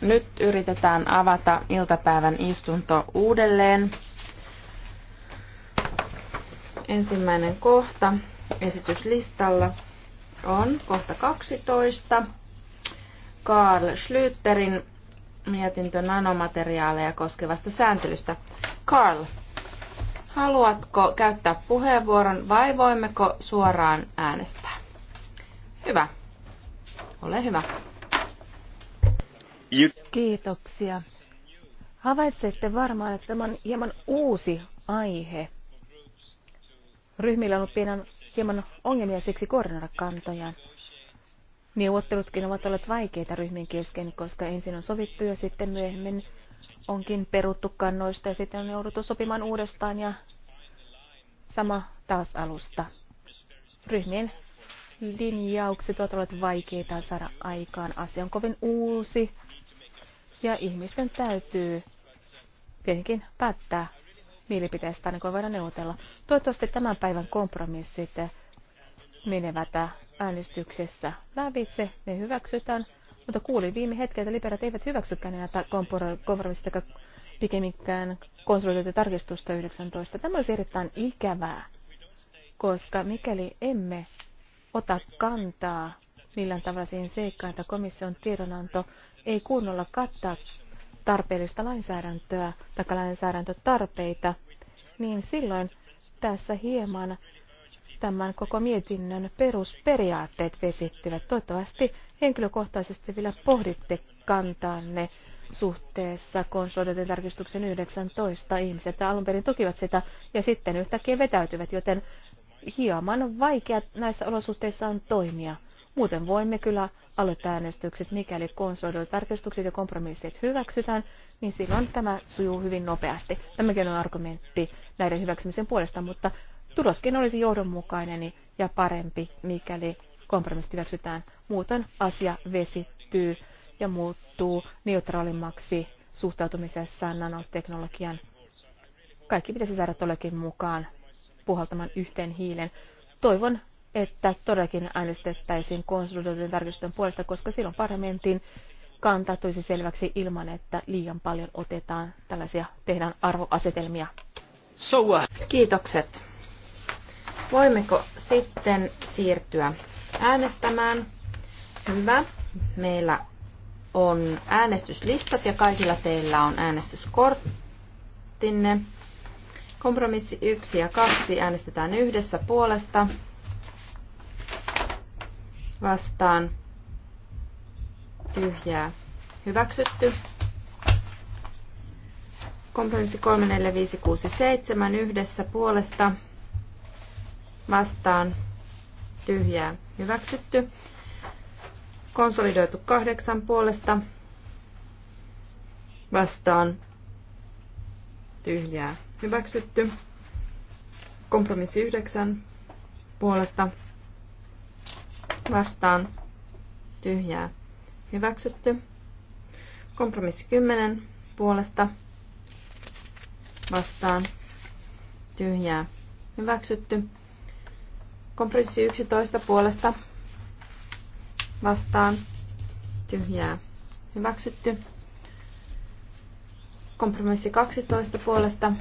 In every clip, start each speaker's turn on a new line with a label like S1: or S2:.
S1: Nyt yritetään
S2: avata iltapäivän istunto uudelleen. Ensimmäinen kohta esityslistalla on kohta 12. Karl Schlüterin mietintö nanomateriaaleja koskevasta sääntelystä. Karl, haluatko käyttää puheenvuoron vai voimmeko suoraan äänestää? Hyvä.
S3: Ole hyvä. Kiitoksia. Havaitsette varmaan, että tämä on hieman uusi aihe. Ryhmillä on ollut pienen, hieman ongelmia siksi koordinoida kantojaan. Neuvottelutkin ovat olleet vaikeita ryhmien kesken, koska ensin on sovittu ja sitten myöhemmin onkin peruttu kannoista ja sitten on jouduttu sopimaan uudestaan ja sama taas alusta. Ryhmien linjaukset ovat olleet vaikeita saada aikaan. Asia on kovin uusi ja ihmisten täytyy tietenkin päättää mielipiteestä, niin kuin voidaan neuvotella. Toivottavasti tämän päivän kompromissit menevät äänestyksessä lävitse, ne hyväksytään. Mutta kuulin viime hetkellä, että liberat eivät hyväksykään näitä kompromisseja, pikemminkään konsolidoitu tarkistusta 19. Tämä olisi erittäin ikävää, koska mikäli emme ota kantaa millään tavalla siihen seikkaan, että komission tiedonanto ei kunnolla kattaa tarpeellista lainsäädäntöä tai lainsäädäntötarpeita, niin silloin tässä hieman tämän koko mietinnön perusperiaatteet vesittyvät. Toivottavasti henkilökohtaisesti vielä pohditte kantaanne suhteessa konsolidoiden tarkistuksen 19 ihmiset alun perin tukivat sitä ja sitten yhtäkkiä vetäytyvät, joten hieman vaikea näissä olosuhteissa on toimia. Muuten voimme kyllä aloittaa äänestykset, mikäli konsolidoidut tarkistukset ja kompromissit hyväksytään, niin silloin tämä sujuu hyvin nopeasti. Tämäkin on argumentti näiden hyväksymisen puolesta, mutta tuloskin olisi johdonmukainen ja parempi, mikäli kompromissit hyväksytään. Muuten asia vesittyy ja muuttuu neutraalimmaksi suhtautumisessa nanoteknologian. Kaikki pitäisi saada tollekin mukaan puhaltamaan yhteen hiilen. Toivon, että todellakin äänestettäisiin konsultoiden tarkistusten puolesta, koska silloin parlamentin kanta tulisi selväksi ilman, että liian paljon otetaan tällaisia, tehdään arvoasetelmia. So, uh. Kiitokset. Voimmeko sitten siirtyä
S2: äänestämään? Hyvä. Meillä on äänestyslistat ja kaikilla teillä on äänestyskorttinne. Kompromissi 1 ja 2 äänestetään yhdessä puolesta vastaan tyhjää hyväksytty. Kompromissi 3, 4, 5, 6, 7 yhdessä puolesta vastaan tyhjää hyväksytty. Konsolidoitu 8 puolesta vastaan tyhjää Hyväksytty. Kompromissi 9 puolesta vastaan tyhjää. Hyväksytty. Kompromissi 10 puolesta vastaan tyhjää. Hyväksytty. Kompromissi 11 puolesta vastaan tyhjää. Hyväksytty. Kompromissi 12 puolesta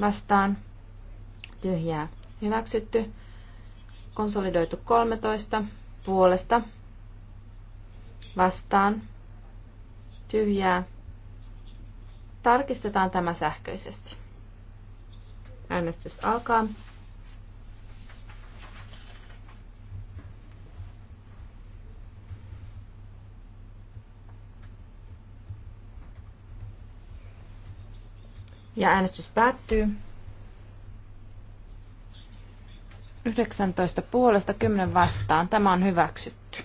S2: vastaan tyhjää hyväksytty. Konsolidoitu 13 puolesta vastaan tyhjää. Tarkistetaan tämä sähköisesti. Äänestys alkaa. Ja äänestys päättyy. 19 puolesta 10 vastaan. Tämä on hyväksytty.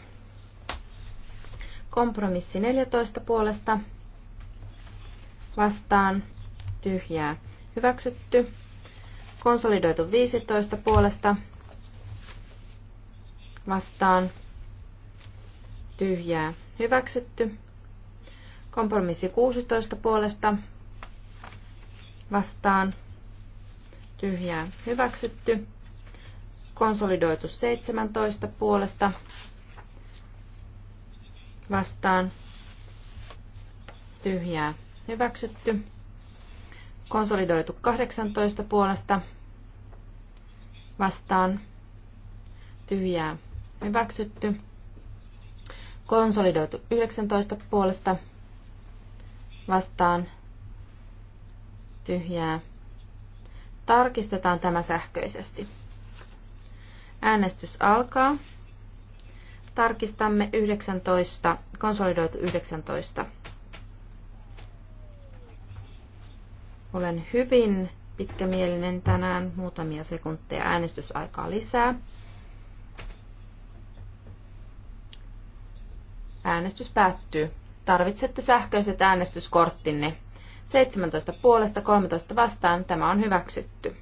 S2: Kompromissi 14 puolesta vastaan tyhjää hyväksytty. Konsolidoitu 15 puolesta vastaan tyhjää hyväksytty. Kompromissi 16 puolesta vastaan tyhjää hyväksytty. Konsolidoitu 17 puolesta vastaan tyhjää hyväksytty. Konsolidoitu 18 puolesta vastaan tyhjää hyväksytty. Konsolidoitu 19 puolesta vastaan tyhjää. Tarkistetaan tämä sähköisesti. Äänestys alkaa. Tarkistamme 19, konsolidoitu 19. Olen hyvin pitkämielinen tänään, muutamia sekunteja äänestysaikaa lisää. Äänestys päättyy. Tarvitsette sähköiset äänestyskorttinne. 17 puolesta 13 vastaan tämä on hyväksytty.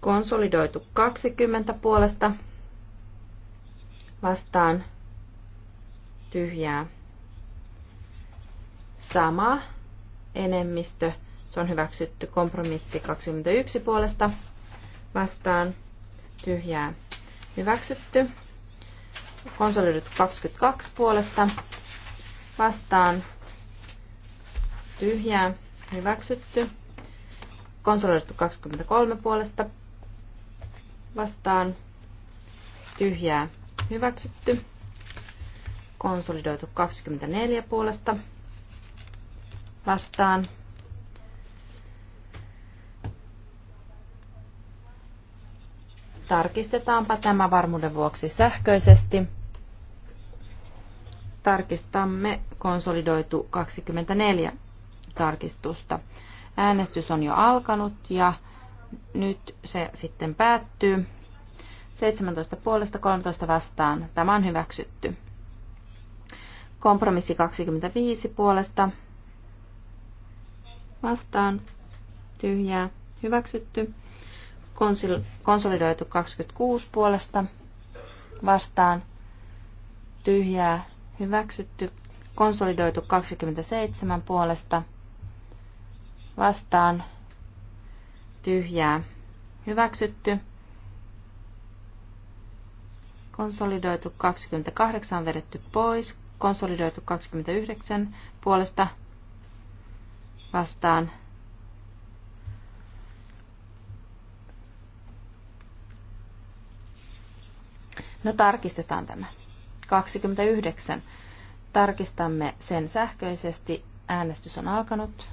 S2: Konsolidoitu 20 puolesta vastaan tyhjää. Sama enemmistö. Se on hyväksytty kompromissi 21 puolesta vastaan tyhjää. Hyväksytty. Konsolidoitu 22 puolesta vastaan tyhjää, hyväksytty. Konsolidoitu 23 puolesta vastaan, tyhjää, hyväksytty. Konsolidoitu 24 puolesta vastaan. Tarkistetaanpa tämä varmuuden vuoksi sähköisesti. Tarkistamme konsolidoitu 24 tarkistusta. Äänestys on jo alkanut ja nyt se sitten päättyy. 17 puolesta 13 vastaan. Tämä on hyväksytty. Kompromissi 25 puolesta vastaan. Tyhjää. Hyväksytty. Konsolidoitu 26 puolesta vastaan. Tyhjää. Hyväksytty. Konsolidoitu 27 puolesta vastaan tyhjää hyväksytty. Konsolidoitu 28 on vedetty pois. Konsolidoitu 29 puolesta vastaan No tarkistetaan tämä. 29. Tarkistamme sen sähköisesti. Äänestys on alkanut.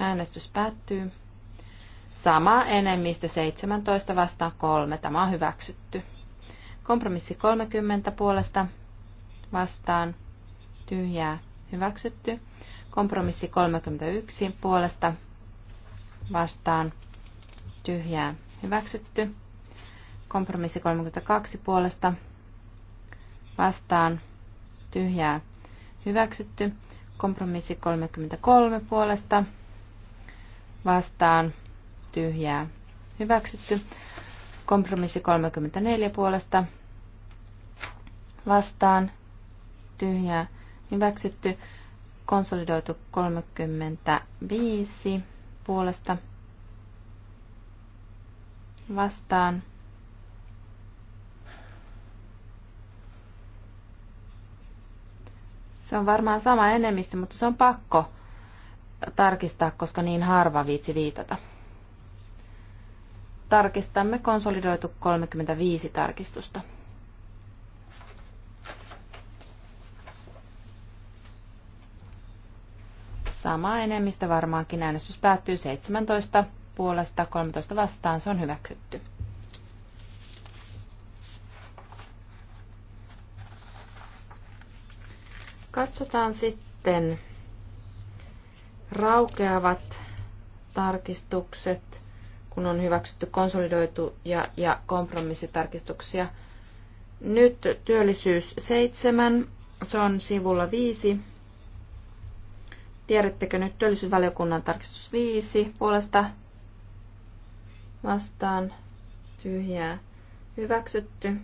S2: Äänestys päättyy. Sama enemmistö 17 vastaan 3. Tämä on hyväksytty. Kompromissi 30 puolesta vastaan tyhjää hyväksytty. Kompromissi 31 puolesta vastaan tyhjää hyväksytty. Kompromissi 32 puolesta vastaan tyhjää hyväksytty. Kompromissi 33 puolesta vastaan tyhjää hyväksytty. Kompromissi 34 puolesta vastaan tyhjää hyväksytty. Konsolidoitu 35 puolesta vastaan Se on varmaan sama enemmistö, mutta se on pakko tarkistaa, koska niin harva viitsi viitata. Tarkistamme konsolidoitu 35 tarkistusta. Sama enemmistö varmaankin äänestys päättyy 17 puolesta 13 vastaan. Se on hyväksytty. Katsotaan sitten raukeavat tarkistukset, kun on hyväksytty konsolidoitu ja, ja kompromissitarkistuksia. Nyt työllisyys 7, se on sivulla 5. Tiedättekö nyt työllisyysvaliokunnan tarkistus 5 puolesta vastaan tyhjää hyväksytty.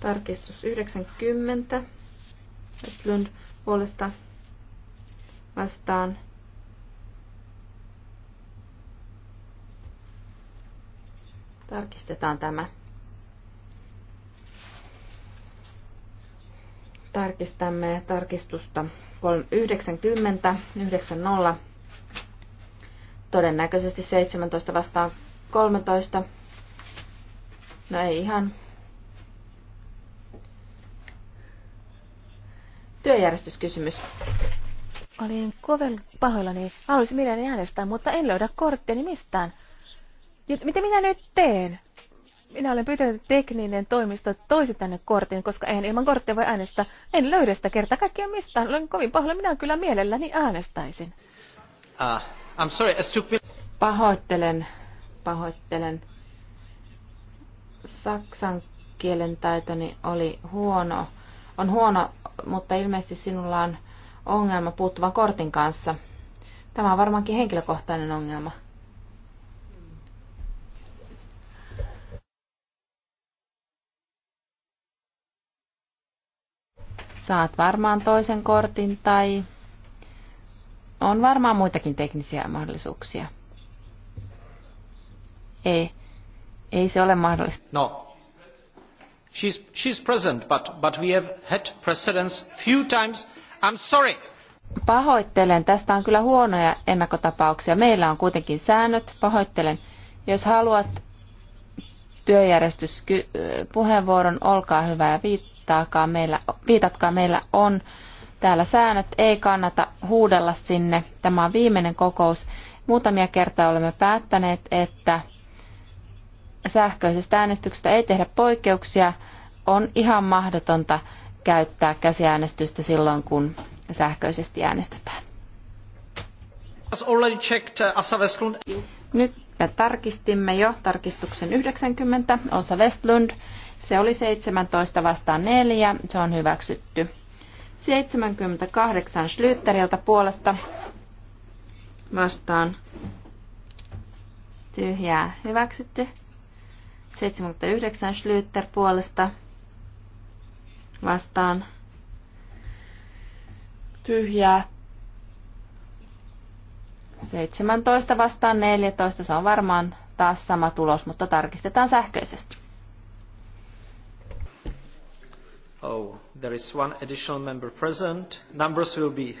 S2: Tarkistus 90. Lund puolesta vastaan. Tarkistetaan tämä. Tarkistamme tarkistusta 90, 90. Todennäköisesti 17 vastaan 13. No ei ihan. Työjärjestyskysymys.
S3: Olin kovin pahoillani. Haluaisin mielelläni äänestää, mutta en löydä korttiani mistään. Ja mitä minä nyt teen? Minä olen pyytänyt, että tekninen toimisto toisi tänne kortin, koska en ilman korttia voi äänestää. En löydä sitä kerta kaikkia mistään. Olen kovin pahoilla. Minä kyllä mielelläni
S1: äänestäisin. Uh,
S2: ah, I'm sorry, stupid... Pahoittelen, pahoittelen. Saksan kielen taitoni oli huono. On huono, mutta ilmeisesti sinulla on ongelma puuttuvan kortin kanssa. Tämä on varmaankin henkilökohtainen ongelma. Saat varmaan toisen kortin tai on varmaan muitakin teknisiä mahdollisuuksia. Ei, ei se ole mahdollista.
S1: No, she's, she's present, but, but we have had precedence few times I'm sorry.
S2: Pahoittelen, tästä on kyllä huonoja ennakkotapauksia. Meillä on kuitenkin säännöt, pahoittelen. Jos haluat työjärjestyspuheenvuoron, olkaa hyvä ja viittaakaa meillä, viitatkaa. Meillä on täällä säännöt, ei kannata huudella sinne. Tämä on viimeinen kokous. Muutamia kertaa olemme päättäneet, että sähköisestä äänestyksestä ei tehdä poikkeuksia. On ihan mahdotonta käyttää käsiäänestystä silloin, kun sähköisesti äänestetään. Uh, Nyt me tarkistimme jo tarkistuksen 90, Osa Westlund. Se oli 17 vastaan 4, se on hyväksytty. 78 Schlüteriltä puolesta vastaan tyhjää hyväksytty. 79 Schlüter puolesta vastaan tyhjää. 17 vastaan 14, se on varmaan taas sama tulos, mutta tarkistetaan sähköisesti.
S1: Oh, there is one additional member present. Numbers will be.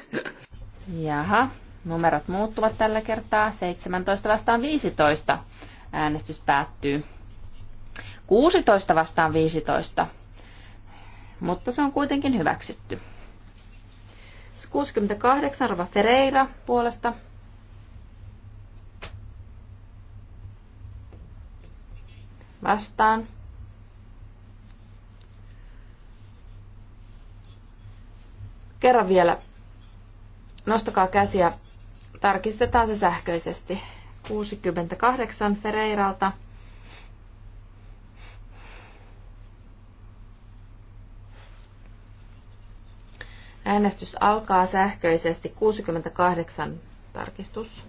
S2: Jaha, numerot muuttuvat tällä kertaa. 17 vastaan 15. Äänestys päättyy. 16 vastaan 15 mutta se on kuitenkin hyväksytty. 68 Rova Ferreira puolesta. Vastaan. Kerran vielä. Nostakaa käsiä. Tarkistetaan se sähköisesti. 68 Ferreiralta. Äänestys alkaa sähköisesti 68 tarkistus.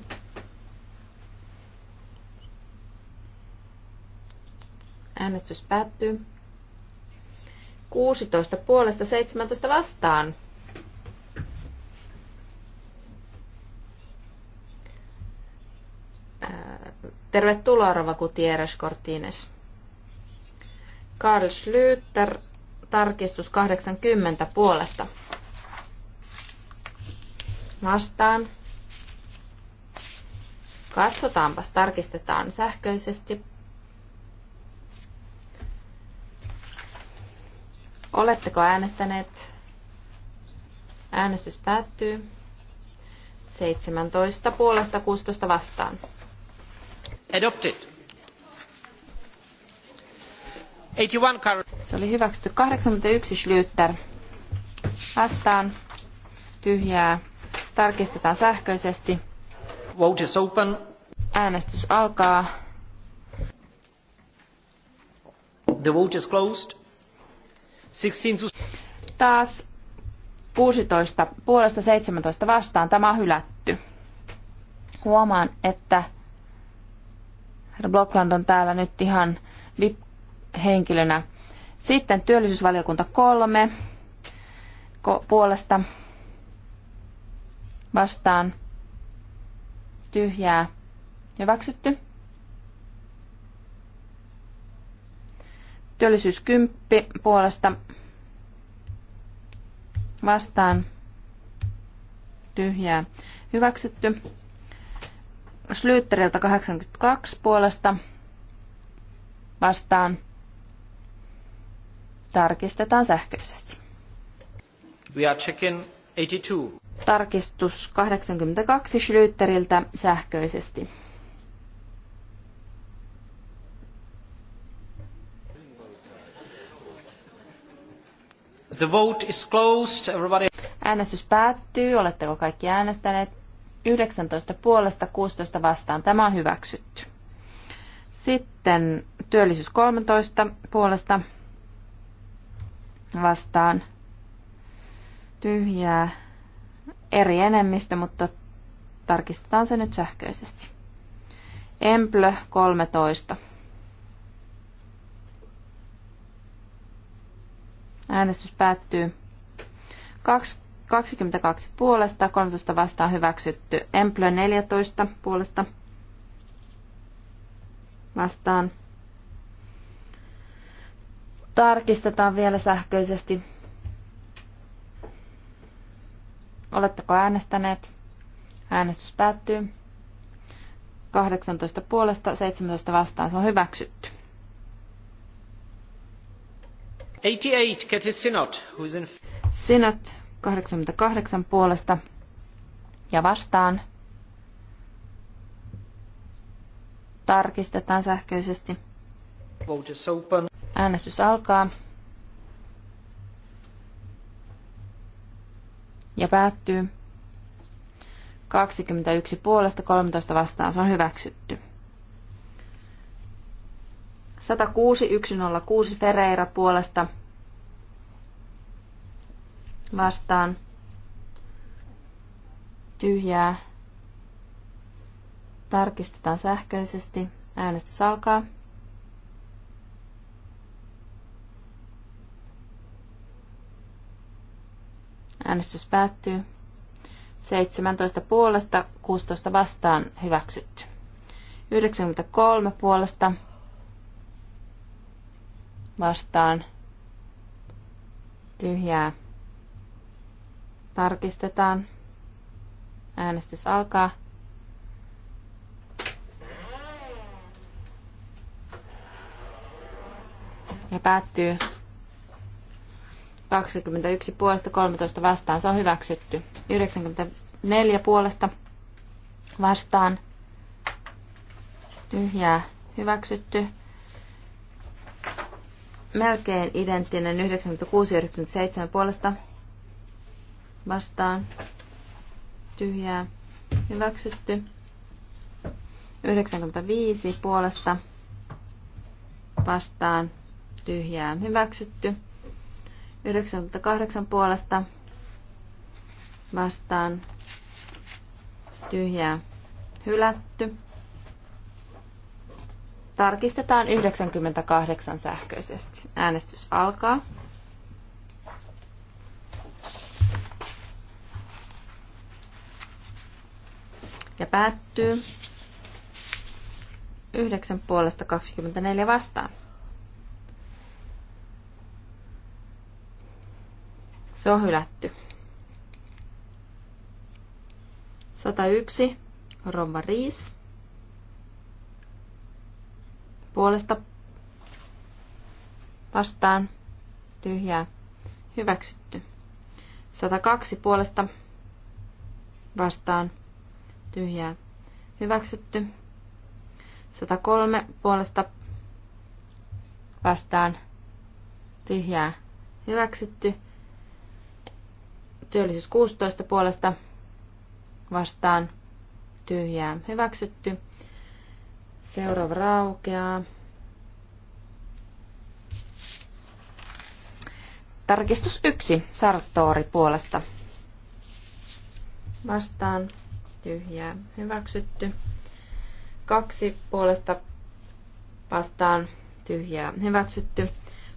S2: Äänestys päättyy. 16 puolesta 17 vastaan. Tervetuloa Rova Gutierrez Cortines. Karl Schlüter, tarkistus 80 puolesta vastaan. Katsotaanpas, tarkistetaan sähköisesti. Oletteko äänestäneet? Äänestys päättyy. 17 puolesta 16 vastaan.
S1: Adopted. 81
S2: Se oli hyväksytty 81 Schlüter. Vastaan. Tyhjää. Tarkistetaan sähköisesti. Vote is open. Äänestys alkaa. The vote is closed. 16 to... Taas 16 puolesta 17 vastaan. Tämä on hylätty. Huomaan, että herra Blockland on täällä nyt ihan VIP-henkilönä. Sitten työllisyysvaliokunta kolme puolesta vastaan tyhjää hyväksytty. Työllisyys 10 puolesta vastaan tyhjää hyväksytty. Slyytteriltä 82 puolesta vastaan tarkistetaan sähköisesti.
S1: We are checking 82.
S2: Tarkistus 82 Schlüteriltä sähköisesti.
S1: The vote is closed. Everybody...
S2: Äänestys päättyy. Oletteko kaikki äänestäneet? 19 puolesta, 16 vastaan. Tämä on hyväksytty. Sitten työllisyys 13 puolesta vastaan. Tyhjää eri enemmistö, mutta tarkistetaan se nyt sähköisesti. Emplö 13. Äänestys päättyy 22 puolesta, 13 vastaan hyväksytty. Emplö 14 puolesta vastaan. Tarkistetaan vielä sähköisesti. Oletteko äänestäneet? Äänestys päättyy. 18 puolesta, 17 vastaan. Se on hyväksytty.
S1: 88, synod. who's in...
S2: Sinot, 88 puolesta ja vastaan. Tarkistetaan sähköisesti. Äänestys alkaa. ja päättyy. 21 puolesta 13 vastaan se on hyväksytty. 106 106 Ferreira puolesta vastaan tyhjää. Tarkistetaan sähköisesti. Äänestys alkaa. Äänestys päättyy. 17 puolesta, 16 vastaan hyväksytty. 93 puolesta vastaan tyhjää. Tarkistetaan. Äänestys alkaa. Ja päättyy 21 puolesta, 13 vastaan. Se on hyväksytty. 94 puolesta vastaan. Tyhjää hyväksytty. Melkein identtinen 96-97 puolesta vastaan. Tyhjää hyväksytty. 95 puolesta vastaan. Tyhjää hyväksytty. 98 puolesta vastaan tyhjää hylätty. Tarkistetaan 98 sähköisesti. Äänestys alkaa. Ja päättyy. 9 puolesta 24 vastaan. Se on hylätty. 101. Rova Riis. Puolesta vastaan tyhjää hyväksytty. 102 puolesta vastaan tyhjää hyväksytty. 103 puolesta vastaan tyhjää hyväksytty. Työllisyys 16 puolesta vastaan tyhjää hyväksytty. Seuraava raukeaa. Tarkistus 1. Sarttoori puolesta. Vastaan tyhjää hyväksytty. Kaksi puolesta vastaan tyhjää hyväksytty.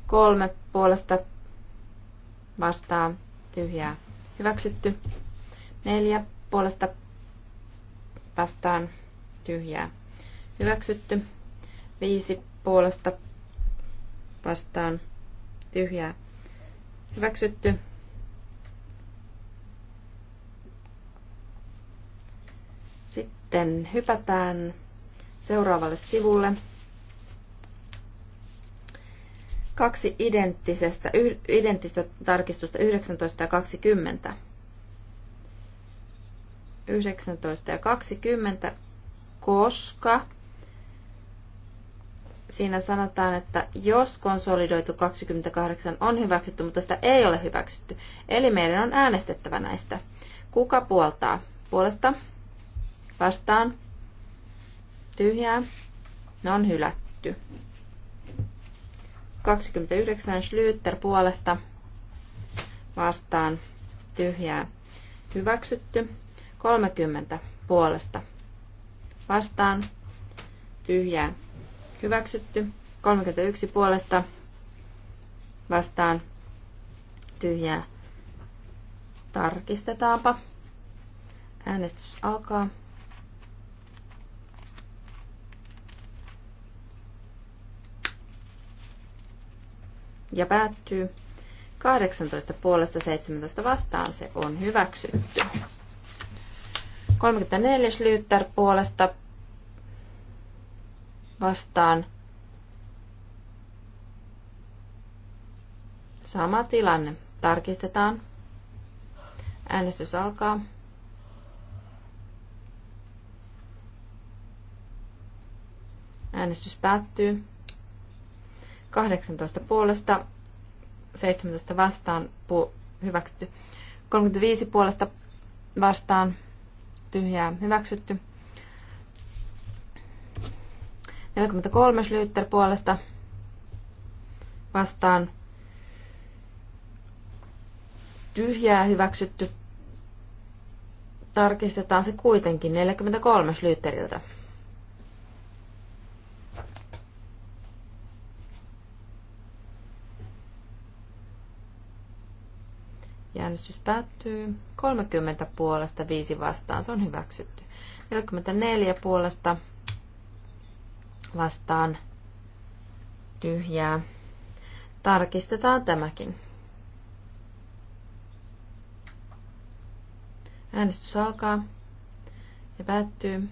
S2: Kolme puolesta vastaan tyhjää Hyväksytty. Neljä puolesta vastaan tyhjää. Hyväksytty. Viisi puolesta vastaan tyhjää. Hyväksytty. Sitten hypätään seuraavalle sivulle kaksi identtisestä, yh, identtistä tarkistusta 19 ja 20. 19 ja 20, koska siinä sanotaan, että jos konsolidoitu 28 on hyväksytty, mutta sitä ei ole hyväksytty. Eli meidän on äänestettävä näistä. Kuka puoltaa? Puolesta? Vastaan? Tyhjää? Ne on hylätty. 29 Schlüter puolesta vastaan tyhjää hyväksytty. 30 puolesta vastaan tyhjää hyväksytty. 31 puolesta vastaan tyhjää tarkistetaanpa. Äänestys alkaa. ja päättyy. 18 puolesta 17 vastaan se on hyväksytty. 34 Lyyttär puolesta vastaan sama tilanne. Tarkistetaan. Äänestys alkaa. Äänestys päättyy. 18 puolesta, 17 vastaan pu- hyväksytty. 35 puolesta vastaan tyhjää hyväksytty. 43 Schlüter puolesta vastaan tyhjää hyväksytty. Tarkistetaan se kuitenkin 43 Schlüteriltä. Äänestys päättyy. 30 puolesta, 5 vastaan. Se on hyväksytty. 44 puolesta vastaan tyhjää. Tarkistetaan tämäkin. Äänestys alkaa ja päättyy.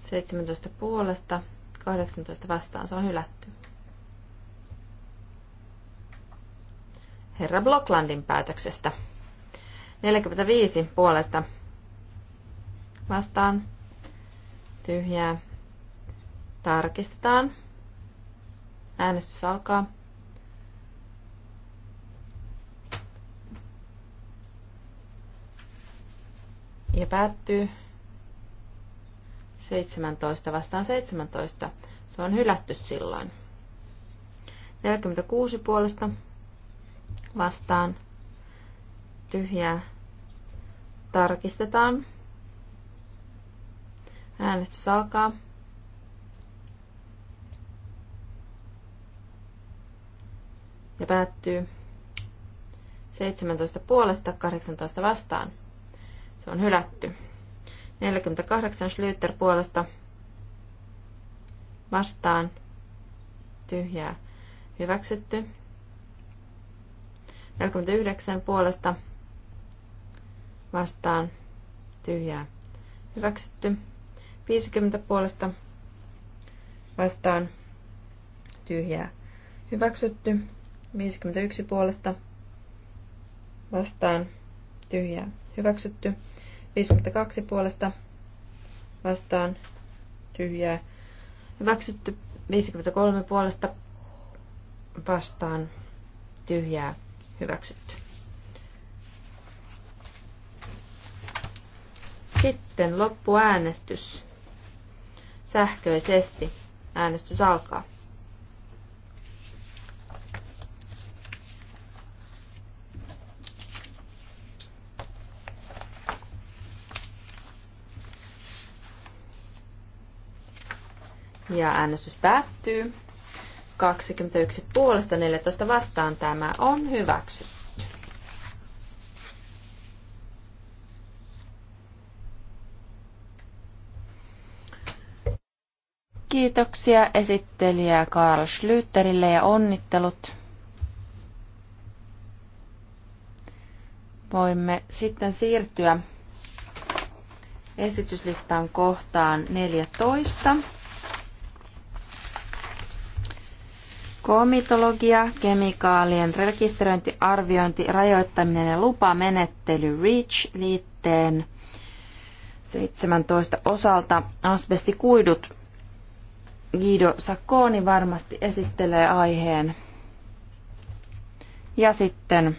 S2: 17 puolesta, 18 vastaan. Se on hylätty. herra Blocklandin päätöksestä. 45 puolesta vastaan tyhjää. Tarkistetaan. Äänestys alkaa. Ja päättyy 17 vastaan 17. Se on hylätty silloin. 46 puolesta vastaan tyhjää tarkistetaan. Äänestys alkaa. Ja päättyy 17 puolesta 18 vastaan. Se on hylätty. 48 Schlüter puolesta vastaan tyhjää hyväksytty. 49 puolesta vastaan tyhjää hyväksytty. 50 puolesta vastaan tyhjää hyväksytty. 51 puolesta vastaan tyhjää hyväksytty. 52 puolesta vastaan tyhjää hyväksytty. 53 puolesta vastaan tyhjää Hyväksytty. Sitten loppuäänestys. Sähköisesti. Äänestys alkaa. Ja äänestys päättyy. 21 puolesta 14 vastaan tämä on hyväksytty. Kiitoksia esittelijä Karl Schlüterille ja onnittelut. Voimme sitten siirtyä esityslistan kohtaan 14. Komitologia, kemikaalien rekisteröinti, arviointi, rajoittaminen ja lupamenettely REACH-liitteen 17 osalta asbestikuidut. Guido Sakoni varmasti esittelee aiheen. Ja sitten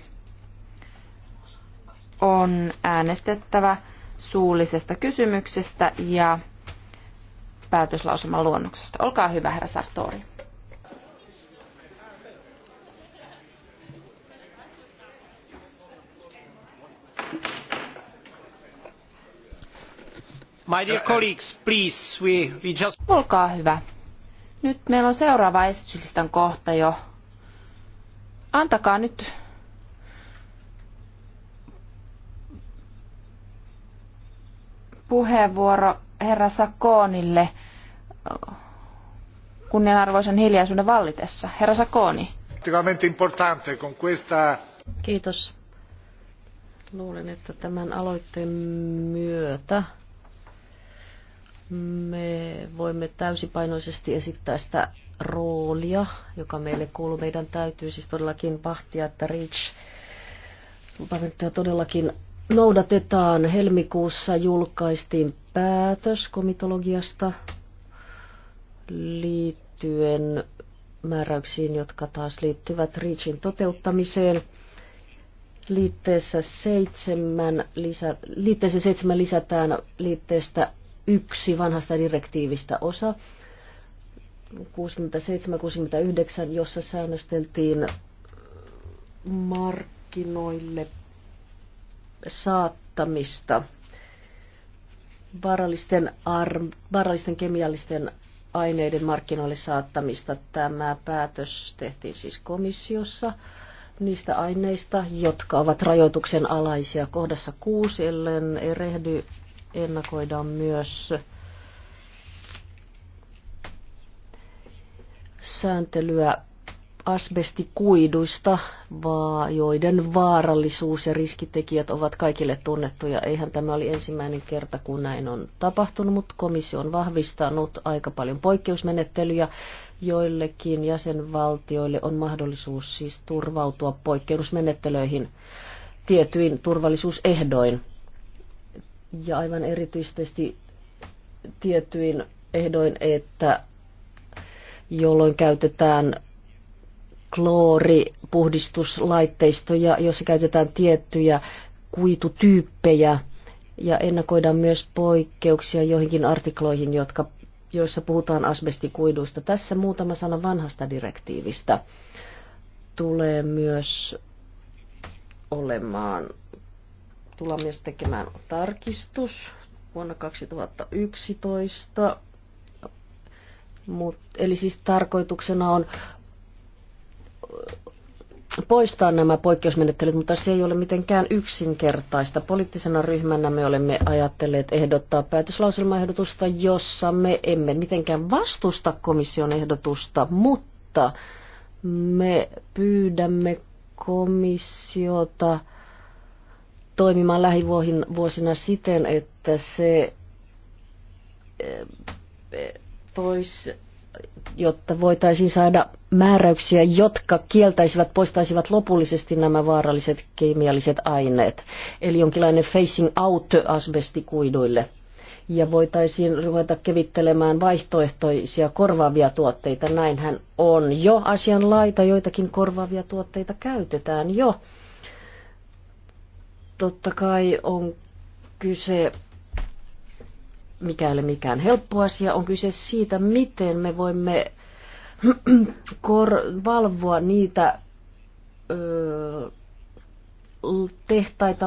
S2: on äänestettävä suullisesta kysymyksestä ja päätöslausuman luonnoksesta. Olkaa hyvä, herra Sartori.
S1: Olkaa hyvä.
S2: Nyt meillä on seuraava esityslistan kohta jo. Antakaa nyt puheenvuoro herra Sakoonille kunnianarvoisen hiljaisuuden vallitessa. Herra Sakoni.
S4: Kiitos. Luulen, että tämän aloitteen myötä me voimme täysipainoisesti esittää sitä roolia, joka meille kuuluu. Meidän täytyy siis todellakin pahtia, että REACH todellakin noudatetaan. Helmikuussa julkaistiin päätös komitologiasta liittyen määräyksiin, jotka taas liittyvät REACHin toteuttamiseen. Liitteessä seitsemän, lisä, liitteessä seitsemän lisätään liitteestä yksi vanhasta direktiivistä osa 67-69, jossa säännösteltiin markkinoille saattamista vaarallisten, arm, vaarallisten kemiallisten aineiden markkinoille saattamista. Tämä päätös tehtiin siis komissiossa niistä aineista, jotka ovat rajoituksen alaisia. Kohdassa kuusi, ellen erehdy, ennakoidaan myös sääntelyä asbestikuiduista, vaan joiden vaarallisuus ja riskitekijät ovat kaikille tunnettuja. Eihän tämä oli ensimmäinen kerta, kun näin on tapahtunut, mutta komissio on vahvistanut aika paljon poikkeusmenettelyjä. Joillekin jäsenvaltioille on mahdollisuus siis turvautua poikkeusmenettelyihin tietyin turvallisuusehdoin ja aivan erityisesti tiettyin ehdoin, että jolloin käytetään kloori-puhdistuslaitteistoja, joissa käytetään tiettyjä kuitutyyppejä ja ennakoidaan myös poikkeuksia joihinkin artikloihin, jotka, joissa puhutaan asbestikuiduista. Tässä muutama sana vanhasta direktiivistä tulee myös olemaan tulla myös tekemään tarkistus vuonna 2011. Mut, eli siis tarkoituksena on poistaa nämä poikkeusmenettelyt, mutta se ei ole mitenkään yksinkertaista. Poliittisena ryhmänä me olemme ajatelleet ehdottaa päätöslauselmaehdotusta, jossa me emme mitenkään vastusta komission ehdotusta, mutta me pyydämme komissiota toimimaan lähivuosina siten, että se eh, pois, jotta voitaisiin saada määräyksiä, jotka kieltäisivät, poistaisivat lopullisesti nämä vaaralliset kemialliset aineet. Eli jonkinlainen facing out asbestikuiduille ja voitaisiin ruveta kevittelemään vaihtoehtoisia korvaavia tuotteita. Näinhän on jo asianlaita, joitakin korvaavia tuotteita käytetään jo. Totta kai on kyse, mikäli mikään helppo asia, on kyse siitä, miten me voimme kor- valvoa niitä Öö, tehtaita,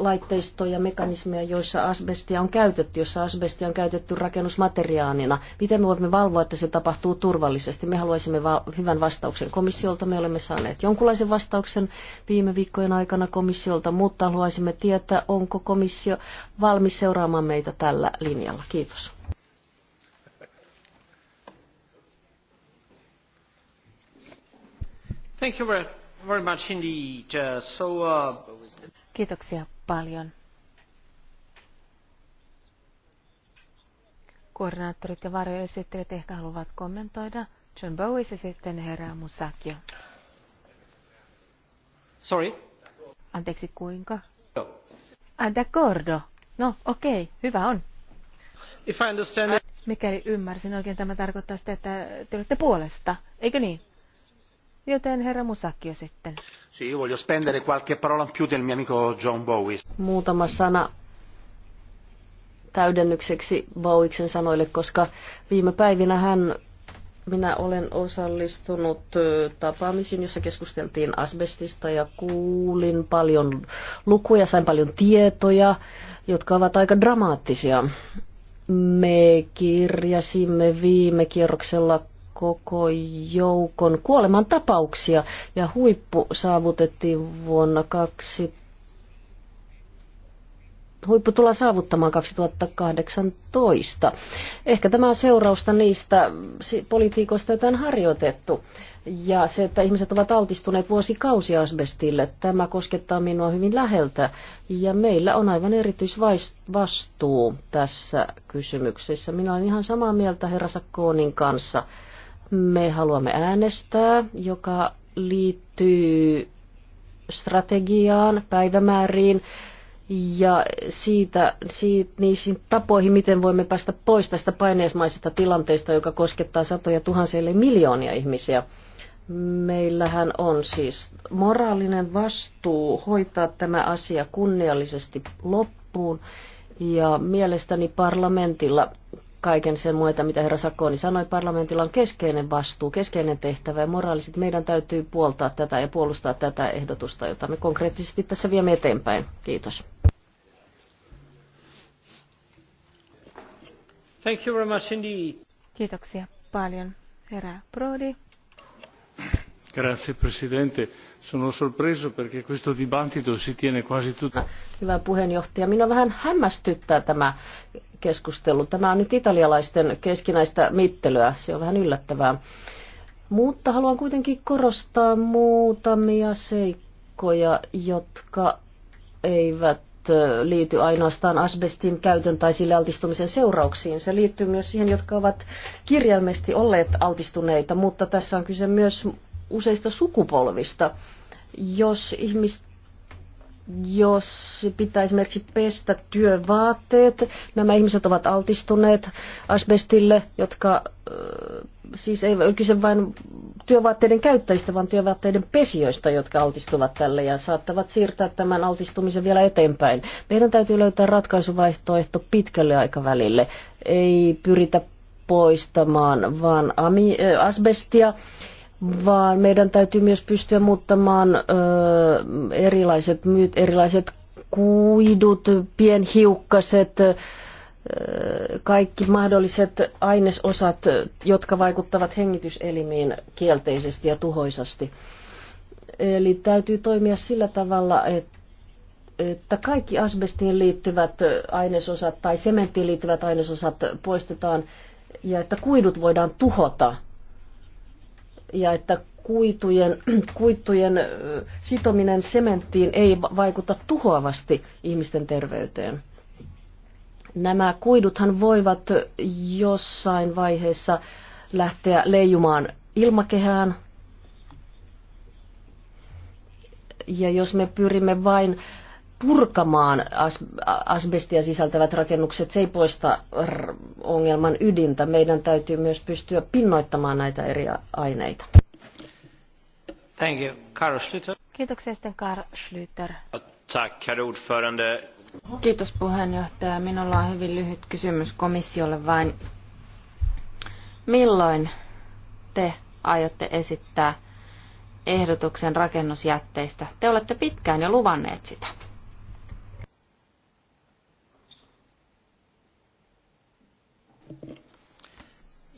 S4: laitteistoja, mekanismeja, joissa asbestia on käytetty, jossa asbestia on käytetty rakennusmateriaalina. Miten me voimme valvoa, että se tapahtuu turvallisesti? Me haluaisimme va- hyvän vastauksen komissiolta. Me olemme saaneet jonkunlaisen vastauksen viime viikkojen aikana komissiolta, mutta haluaisimme tietää, onko komissio valmis seuraamaan meitä tällä linjalla. Kiitos.
S1: Thank you very much. Uh, uh,
S3: Kiitoksia paljon. Koordinaattorit ja varjoesittelijät ehkä haluavat kommentoida. John Bowis ja sitten herra Musakio. Sorry? Anteeksi, kuinka? No. Ah, d'accordo. No, okei, okay, hyvä on.
S1: If I understand...
S3: Mikäli ymmärsin oikein, tämä tarkoittaa sitä, että te olette puolesta, eikö niin? Joten herra Musakio sitten.
S1: Sì, io voglio spendere qualche parola in più del mio amico John Bowie.
S3: Muutama sana
S4: täydennykseksi Bowiksen sanoille, koska viime päivinä hän, minä olen osallistunut tapaamisiin, jossa keskusteltiin asbestista ja kuulin paljon lukuja, sain paljon tietoja, jotka ovat aika dramaattisia. Me kirjasimme viime kierroksella koko joukon kuoleman tapauksia ja huippu saavutettiin vuonna 2000 huippu tullaan saavuttamaan 2018. Ehkä tämä on seurausta niistä politiikoista, joita on harjoitettu. Ja se, että ihmiset ovat altistuneet vuosikausia asbestille, tämä koskettaa minua hyvin läheltä. Ja meillä on aivan erityisvastuu tässä kysymyksessä. Minä olen ihan samaa mieltä herra Sakkoonin kanssa. Me haluamme äänestää, joka liittyy strategiaan, päivämääriin ja siitä, siitä, niihin tapoihin, miten voimme päästä pois tästä paineismaisesta tilanteesta, joka koskettaa satoja tuhansia, miljoonia ihmisiä. Meillähän on siis moraalinen vastuu hoitaa tämä asia kunniallisesti loppuun ja mielestäni parlamentilla kaiken sen muuta, mitä herra Sakoni sanoi, parlamentilla on keskeinen vastuu, keskeinen tehtävä ja moraalisesti meidän täytyy puoltaa tätä ja puolustaa tätä ehdotusta, jota me konkreettisesti tässä viemme eteenpäin. Kiitos.
S1: Thank you very much indeed. Kiitoksia
S3: paljon, herra Brody.
S1: Grazie Presidente. Sono sorpreso perché questo dibattito si tiene quasi tutto.
S4: Hyvä puheenjohtaja, minua vähän hämmästyttää tämä keskusteluun. Tämä on nyt italialaisten keskinäistä mittelyä, se on vähän yllättävää. Mutta haluan kuitenkin korostaa muutamia seikkoja, jotka eivät liity ainoastaan asbestin käytön tai sille altistumisen seurauksiin. Se liittyy myös siihen, jotka ovat kirjaimesti olleet altistuneita, mutta tässä on kyse myös useista sukupolvista. Jos ihmiset jos pitää esimerkiksi pestä työvaatteet, nämä ihmiset ovat altistuneet asbestille, jotka siis ei ole kyse vain työvaatteiden käyttäjistä, vaan työvaatteiden pesijöistä, jotka altistuvat tälle ja saattavat siirtää tämän altistumisen vielä eteenpäin. Meidän täytyy löytää ratkaisuvaihtoehto pitkälle aikavälille. Ei pyritä poistamaan vaan ami, asbestia, vaan meidän täytyy myös pystyä muuttamaan ö, erilaiset myyt, erilaiset kuidut, pienhiukkaset, ö, kaikki mahdolliset ainesosat, jotka vaikuttavat hengityselimiin kielteisesti ja tuhoisasti. Eli täytyy toimia sillä tavalla, että että kaikki asbestiin liittyvät ainesosat tai sementtiin liittyvät ainesosat poistetaan ja että kuidut voidaan tuhota ja että kuitujen, kuitujen sitominen sementtiin ei vaikuta tuhoavasti ihmisten terveyteen. Nämä kuiduthan voivat jossain vaiheessa lähteä leijumaan ilmakehään. Ja jos me pyrimme vain purkamaan asbestia sisältävät rakennukset. Se ei poista ongelman ydintä. Meidän täytyy myös pystyä pinnoittamaan näitä eri aineita.
S1: Thank you. Karl Schlüter.
S4: Kiitoksia sitten Karl Schlüter. Tack, Kiitos
S2: puheenjohtaja. Minulla on hyvin lyhyt kysymys komissiolle vain. Milloin te aiotte esittää ehdotuksen rakennusjätteistä? Te olette pitkään jo luvanneet sitä.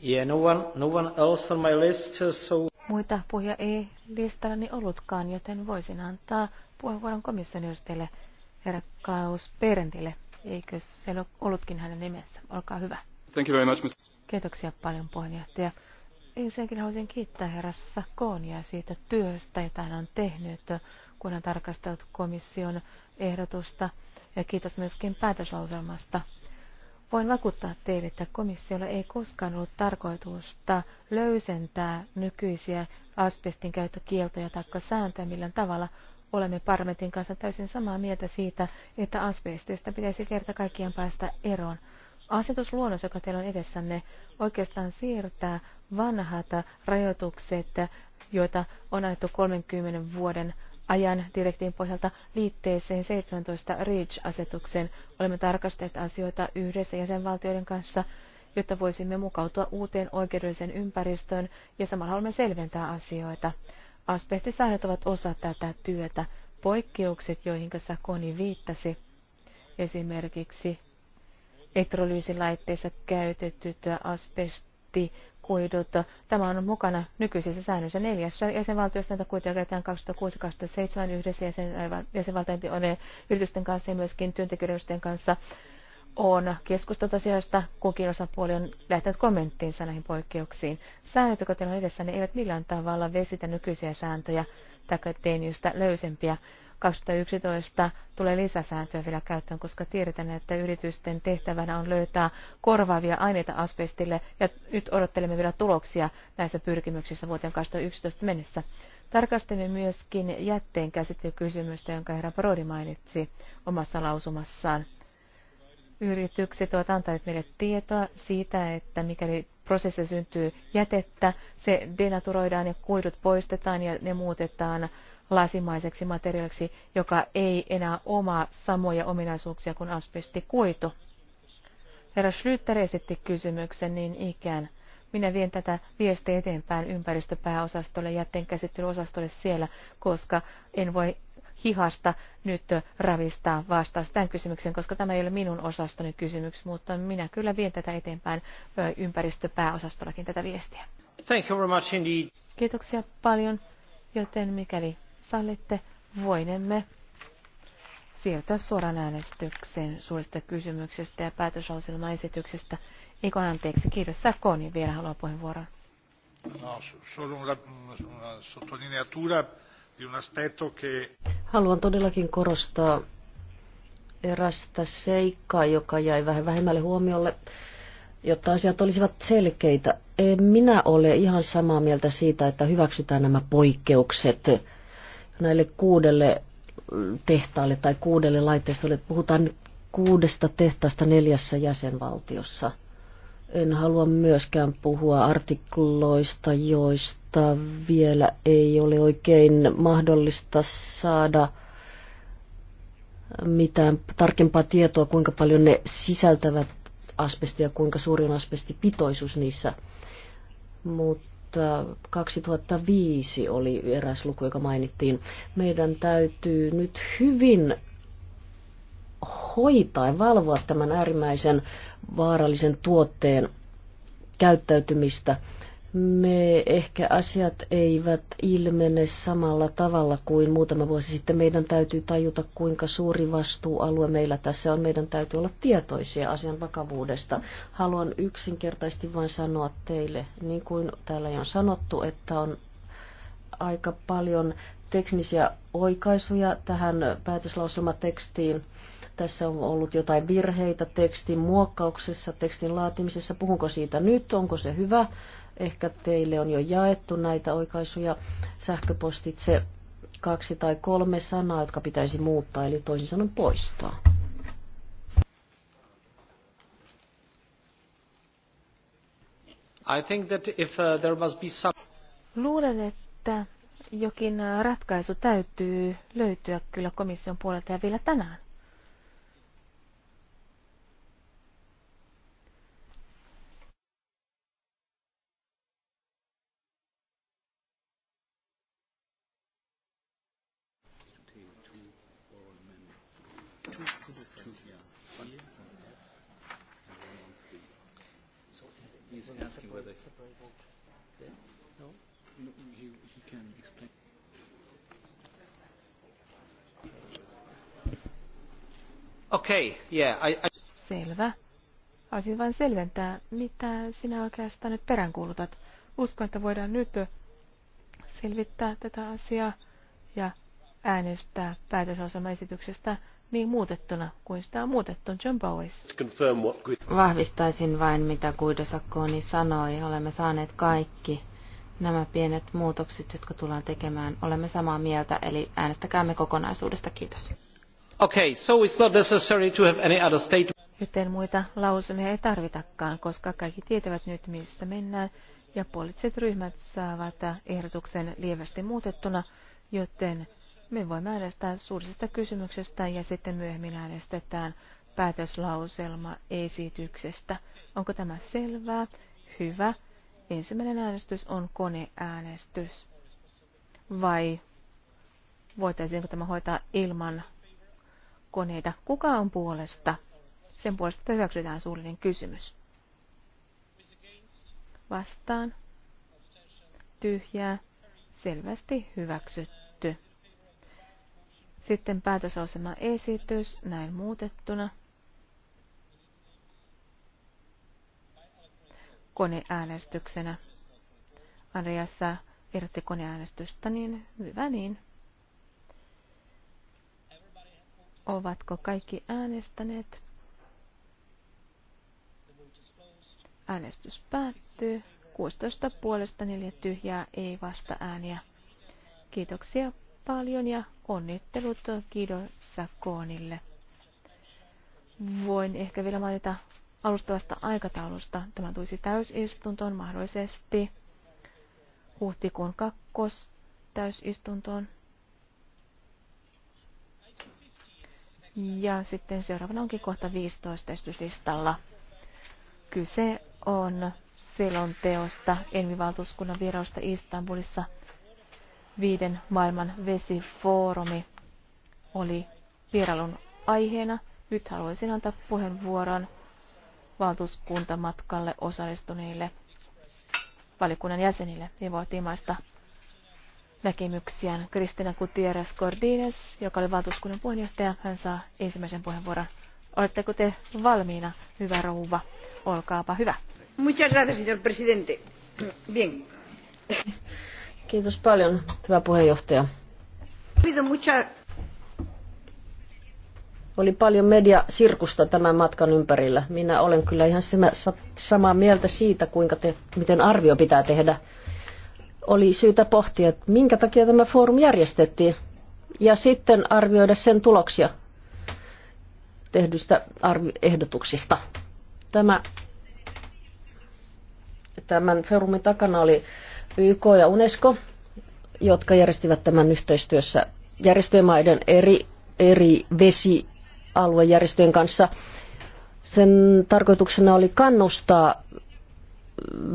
S1: Yeah, no one, no one else on my list, so...
S3: Muita puhuja ei listallani niin ollutkaan, joten voisin antaa puheenvuoron komissionirteille herra Klaus Perentille. Eikö se ole ollutkin hänen nimensä? Olkaa hyvä. Thank you very much, Mr. Kiitoksia paljon puheenjohtaja. Ensinnäkin haluaisin kiittää herrassa Koonia siitä työstä, jota hän on tehnyt, kun hän tarkastellut komission ehdotusta. Ja kiitos myöskin päätöslauselmasta, Voin vakuuttaa teille, että komissiolla ei koskaan ollut tarkoitusta löysentää nykyisiä asbestin käyttökieltoja tai sääntöjä millään tavalla. Olemme parlamentin kanssa täysin samaa mieltä siitä, että asbestista pitäisi kerta kaikkiaan päästä eroon. Asetusluonnos, joka teillä on edessänne, oikeastaan siirtää vanhat rajoitukset, joita on annettu 30 vuoden ajan direktiin pohjalta liitteeseen 17 REACH-asetukseen. Olemme tarkastaneet asioita yhdessä jäsenvaltioiden kanssa, jotta voisimme mukautua uuteen oikeudelliseen ympäristöön ja samalla haluamme selventää asioita. Asbestisäännöt ovat osa tätä työtä. Poikkeukset, joihin Sakoni viittasi, esimerkiksi elektrolyysilaitteissa käytetyt asbesti kuidut. Tämä on mukana nykyisissä säännöissä neljässä jäsenvaltiossa, jota kuituja käytetään 2006-2007 yhdessä jäsen, äh, jäsenvaltioiden on äh, yritysten kanssa ja myöskin työntekijöiden kanssa on keskusteltu asioista, kunkin osapuoli on lähtenyt kommenttiinsa näihin poikkeuksiin. Säännöt, jotka teillä on edessä, ne eivät millään tavalla vesitä nykyisiä sääntöjä tai tee niistä löysempiä. 2011 tulee lisäsääntöä vielä käyttöön, koska tiedetään, että yritysten tehtävänä on löytää korvaavia aineita asbestille ja nyt odottelemme vielä tuloksia näissä pyrkimyksissä vuoteen 2011 mennessä. Tarkastelimme myöskin jätteen käsittelykysymystä, jonka herra Brodi mainitsi omassa lausumassaan. Yritykset ovat antaneet meille tietoa siitä, että mikäli prosessissa syntyy jätettä, se denaturoidaan ja kuidut poistetaan ja ne muutetaan lasimaiseksi materiaaliksi, joka ei enää omaa samoja ominaisuuksia kuin asbestikuitu. Herra Schlüter esitti kysymyksen niin ikään. Minä vien tätä viestiä eteenpäin ympäristöpääosastolle, jätteenkäsittelyosastolle siellä, koska en voi hihasta nyt ravistaa vastaus tämän kysymykseen, koska tämä ei ole minun osastoni kysymys, mutta minä kyllä vien tätä eteenpäin ympäristöpääosastollakin tätä
S1: viestiä. Thank you very much indeed.
S3: Kiitoksia paljon, joten mikäli sallitte, voinemme siirtyä suoraan äänestykseen suurista kysymyksistä ja päätöslauselmaesityksestä. Ikon anteeksi, kiitos Sakoni niin vielä haluaa puheenvuoron.
S1: No, solo una, una sottolineatura di un aspetto che...
S4: Haluan todellakin korostaa erästä seikkaa, joka jäi vähän vähemmälle huomiolle, jotta asiat olisivat selkeitä. En minä ole ihan samaa mieltä siitä, että hyväksytään nämä poikkeukset näille kuudelle tehtaalle tai kuudelle laitteistolle. Puhutaan kuudesta tehtaasta neljässä jäsenvaltiossa. En halua myöskään puhua artikloista, joista vielä ei ole oikein mahdollista saada mitään tarkempaa tietoa, kuinka paljon ne sisältävät asbestia, kuinka suuri on asbestipitoisuus niissä. Mutta mutta 2005 oli eräs luku, joka mainittiin. Meidän täytyy nyt hyvin hoitaa ja valvoa tämän äärimmäisen vaarallisen tuotteen käyttäytymistä – me ehkä asiat eivät ilmene samalla tavalla kuin muutama vuosi sitten. Meidän täytyy tajuta, kuinka suuri vastuualue meillä tässä on. Meidän täytyy olla tietoisia asian vakavuudesta. Haluan yksinkertaisesti vain sanoa teille, niin kuin täällä on sanottu, että on aika paljon teknisiä oikaisuja tähän päätöslauselmatekstiin tässä on ollut jotain virheitä tekstin muokkauksessa, tekstin laatimisessa. Puhunko siitä nyt? Onko se hyvä? Ehkä teille on jo jaettu näitä oikaisuja sähköpostitse kaksi tai kolme sanaa, jotka pitäisi muuttaa, eli toisin sanoen poistaa.
S1: I think that if uh, there must be some...
S3: Luulen, että jokin ratkaisu täytyy löytyä kyllä komission puolelta ja vielä tänään.
S1: Okay, yeah, I, I...
S3: Selvä. Haluaisin vain selventää, mitä sinä oikeastaan nyt peräänkuulutat. Uskon, että voidaan nyt selvittää tätä asiaa ja äänestää päätösosamaesityksestä niin muutettuna kuin sitä on muutettu John Bowis.
S2: Vahvistaisin vain, mitä Kuidosakkoni sanoi. Olemme saaneet kaikki nämä pienet muutokset, jotka tullaan tekemään. Olemme samaa mieltä, eli äänestäkäämme
S3: kokonaisuudesta. Kiitos.
S1: Okay, so it's not necessary to have any other
S3: statement. Joten muita lausumia ei tarvitakaan, koska kaikki tietävät nyt, missä mennään, ja poliittiset ryhmät saavat ehdotuksen lievästi muutettuna, joten me voimme äänestää suullisesta kysymyksestä ja sitten myöhemmin äänestetään päätöslauselma esityksestä. Onko tämä selvää? Hyvä. Ensimmäinen äänestys on koneäänestys. Vai voitaisiinko tämä hoitaa ilman koneita. Kuka on puolesta? Sen puolesta, hyväksytään suullinen kysymys. Vastaan. Tyhjää. Selvästi hyväksytty. Sitten päätösosama esitys näin muutettuna. Koneäänestyksenä. Andreassa ehdotti koneäänestystä, niin hyvä niin. Ovatko kaikki äänestäneet? Äänestys päättyy. 16 puolesta 4 tyhjää, ei vasta ääniä. Kiitoksia paljon ja onnittelut Kido Sakonille. Voin ehkä vielä mainita alustavasta aikataulusta. Tämä tulisi täysistuntoon mahdollisesti huhtikuun kakkos täysistuntoon. Ja sitten seuraavana onkin kohta 15 esityslistalla. Kyse on selonteosta Envivaltuuskunnan virausta Istanbulissa. Viiden maailman vesifoorumi oli vierailun aiheena. Nyt haluaisin antaa puheenvuoron valtuuskuntamatkalle osallistuneille valikunnan jäsenille. Ivo Timaista näkemyksiään. Kristina Gutierrez Cordines, joka oli valtuuskunnan puheenjohtaja, hän saa ensimmäisen puheenvuoron. Oletteko te valmiina, hyvä rouva? Olkaapa hyvä. Muchas gracias, señor presidente. Bien.
S4: Kiitos paljon, hyvä puheenjohtaja. Oli paljon sirkusta tämän matkan ympärillä. Minä olen kyllä ihan samaa mieltä siitä, kuinka te, miten arvio pitää tehdä oli syytä pohtia, että minkä takia tämä foorumi järjestettiin ja sitten arvioida sen tuloksia tehdyistä ehdotuksista. Tämä, tämän foorumin takana oli YK ja UNESCO, jotka järjestivät tämän yhteistyössä järjestöjen eri, eri vesialuejärjestöjen kanssa. Sen tarkoituksena oli kannustaa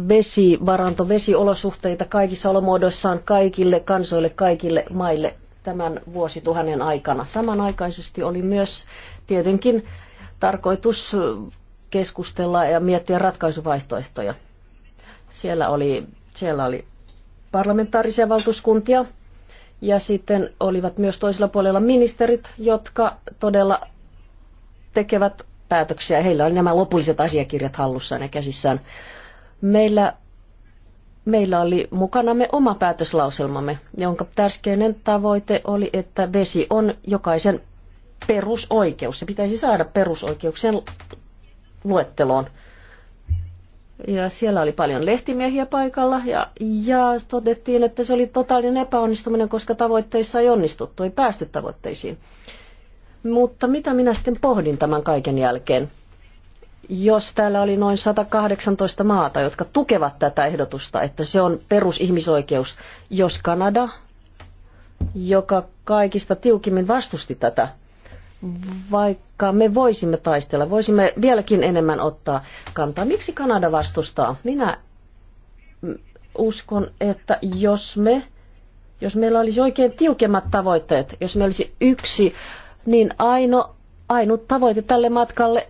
S4: vesivaranto, vesiolosuhteita kaikissa olomuodoissaan kaikille kansoille, kaikille maille tämän vuosituhannen aikana. Samanaikaisesti oli myös tietenkin tarkoitus keskustella ja miettiä ratkaisuvaihtoehtoja. Siellä oli, siellä oli parlamentaarisia valtuuskuntia ja sitten olivat myös toisella puolella ministerit, jotka todella tekevät päätöksiä. Heillä oli nämä lopulliset asiakirjat hallussaan ja käsissään. Meillä, meillä oli mukanamme oma päätöslauselmamme, jonka tärkeinen tavoite oli, että vesi on jokaisen perusoikeus. Se pitäisi saada perusoikeuksien luetteloon. Ja siellä oli paljon lehtimiehiä paikalla ja, ja todettiin, että se oli totaalinen epäonnistuminen, koska tavoitteissa ei onnistuttu, ei päästy tavoitteisiin. Mutta mitä minä sitten pohdin tämän kaiken jälkeen? jos täällä oli noin 118 maata, jotka tukevat tätä ehdotusta, että se on perusihmisoikeus, jos Kanada, joka kaikista tiukimmin vastusti tätä, vaikka me voisimme taistella, voisimme vieläkin enemmän ottaa kantaa. Miksi Kanada vastustaa? Minä uskon, että jos me, jos meillä olisi oikein tiukemmat tavoitteet, jos meillä olisi yksi, niin aino, ainut tavoite tälle matkalle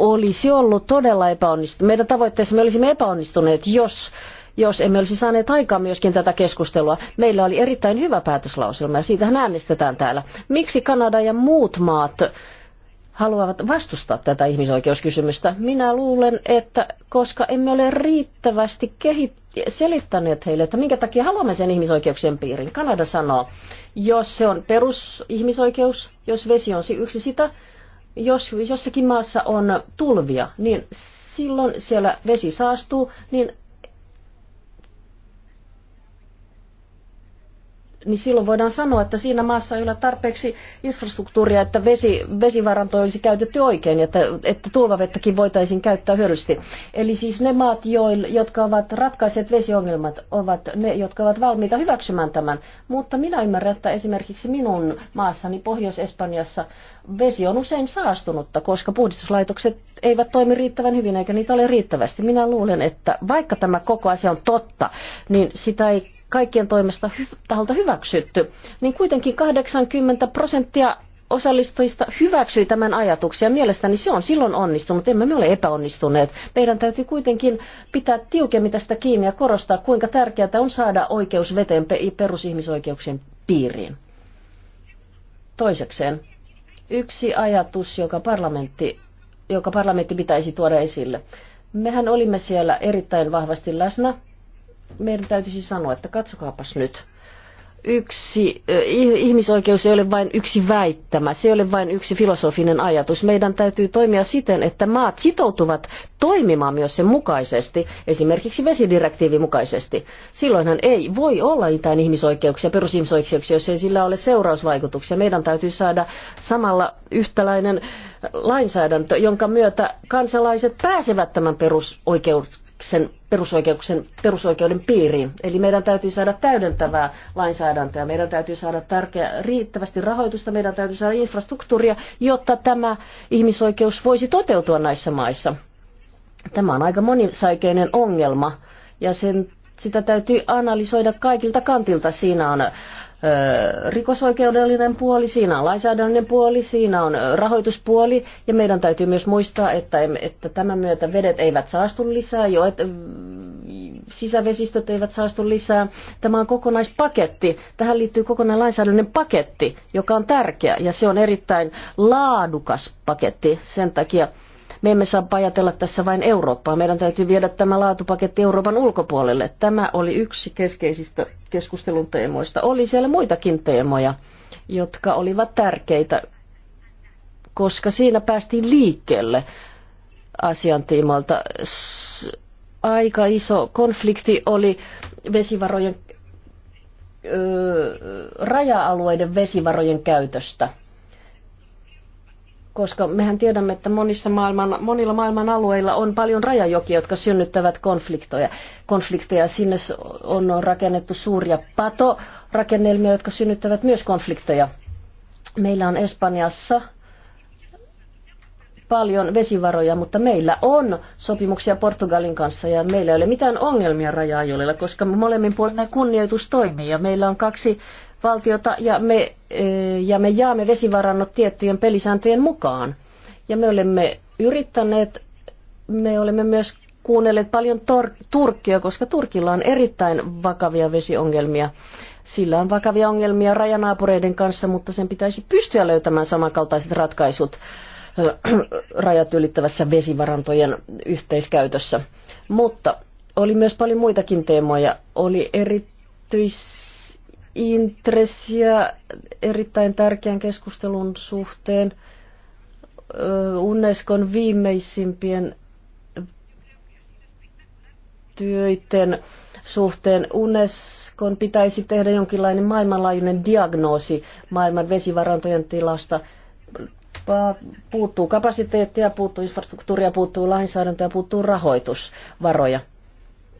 S4: olisi ollut todella epäonnistunut. Meidän tavoitteessamme olisimme epäonnistuneet, jos jos emme olisi saaneet aikaan myöskin tätä keskustelua. Meillä oli erittäin hyvä päätöslauselma ja siitähän äänestetään täällä. Miksi Kanada ja muut maat haluavat vastustaa tätä ihmisoikeuskysymystä. Minä luulen, että koska emme ole riittävästi kehitt- selittäneet heille, että minkä takia haluamme sen ihmisoikeuksien piirin. Kanada sanoo, jos se on perusihmisoikeus, jos vesi on yksi sitä, jos jossakin maassa on tulvia, niin silloin siellä vesi saastuu, niin niin silloin voidaan sanoa, että siinä maassa ei ole tarpeeksi infrastruktuuria, että vesi, vesivaranto olisi käytetty oikein, että, että tulvavettäkin voitaisiin käyttää hyödyllisesti. Eli siis ne maat, joil, jotka ovat ratkaiset vesiongelmat, ovat ne, jotka ovat valmiita hyväksymään tämän. Mutta minä ymmärrän, että esimerkiksi minun maassani Pohjois-Espanjassa vesi on usein saastunutta, koska puhdistuslaitokset eivät toimi riittävän hyvin eikä niitä ole riittävästi. Minä luulen, että vaikka tämä koko asia on totta, niin sitä ei kaikkien toimesta hy- taholta hyväksytty, niin kuitenkin 80 prosenttia osallistujista hyväksyi tämän ajatuksen ja mielestäni se on silloin onnistunut. Emme me ole epäonnistuneet. Meidän täytyy kuitenkin pitää tiukemmin tästä kiinni ja korostaa, kuinka tärkeää on saada oikeus veteen perusihmisoikeuksien piiriin. Toisekseen, yksi ajatus, joka parlamentti, joka parlamentti pitäisi tuoda esille. Mehän olimme siellä erittäin vahvasti läsnä meidän täytyisi sanoa, että katsokaapas nyt. Yksi, eh, ihmisoikeus ei ole vain yksi väittämä, se ei ole vain yksi filosofinen ajatus. Meidän täytyy toimia siten, että maat sitoutuvat toimimaan myös sen mukaisesti, esimerkiksi vesidirektiivin mukaisesti. Silloinhan ei voi olla itään ihmisoikeuksia, perusihmisoikeuksia, jos ei sillä ole seurausvaikutuksia. Meidän täytyy saada samalla yhtäläinen lainsäädäntö, jonka myötä kansalaiset pääsevät tämän perusoikeuden sen perusoikeuksen, perusoikeuden piiriin. Eli meidän täytyy saada täydentävää lainsäädäntöä, meidän täytyy saada tärkeä, riittävästi rahoitusta, meidän täytyy saada infrastruktuuria, jotta tämä ihmisoikeus voisi toteutua näissä maissa. Tämä on aika monisäikeinen ongelma ja sen sitä täytyy analysoida kaikilta kantilta. Siinä on rikosoikeudellinen puoli, siinä on lainsäädännön puoli, siinä on rahoituspuoli ja meidän täytyy myös muistaa, että, että tämän myötä vedet eivät saastu lisää, joet, sisävesistöt eivät saastu lisää. Tämä on kokonaispaketti. Tähän liittyy kokonainen lainsäädännön paketti, joka on tärkeä ja se on erittäin laadukas paketti sen takia, me emme saa ajatella tässä vain Eurooppaa. Meidän täytyy viedä tämä laatupaketti Euroopan ulkopuolelle. Tämä oli yksi keskeisistä keskustelun teemoista. Oli siellä muitakin teemoja, jotka olivat tärkeitä, koska siinä päästiin liikkeelle asiantiimalta. Aika iso konflikti oli vesivarojen raja-alueiden vesivarojen käytöstä – koska mehän tiedämme, että monissa maailman, monilla maailman alueilla on paljon rajajokia, jotka synnyttävät konflikteja. konflikteja. Sinne on rakennettu suuria patorakennelmia, jotka synnyttävät myös konflikteja. Meillä on Espanjassa paljon vesivaroja, mutta meillä on sopimuksia Portugalin kanssa ja meillä ei ole mitään ongelmia raja koska molemmin puolin kunnioitus toimii ja meillä on kaksi valtiota ja me, e, ja me jaamme vesivarannot tiettyjen pelisääntöjen mukaan. Ja me olemme yrittäneet, me olemme myös kuunnelleet paljon tor- Turkkia, koska Turkilla on erittäin vakavia vesiongelmia. Sillä on vakavia ongelmia rajanaapureiden kanssa, mutta sen pitäisi pystyä löytämään samankaltaiset ratkaisut rajat ylittävässä vesivarantojen yhteiskäytössä. Mutta oli myös paljon muitakin teemoja. Oli erityis intressiä erittäin tärkeän keskustelun suhteen Unescon viimeisimpien työiden suhteen. Unescon pitäisi tehdä jonkinlainen maailmanlaajuinen diagnoosi maailman vesivarantojen tilasta. Puuttuu kapasiteettia, puuttuu infrastruktuuria, puuttuu lainsäädäntöä, puuttuu rahoitusvaroja.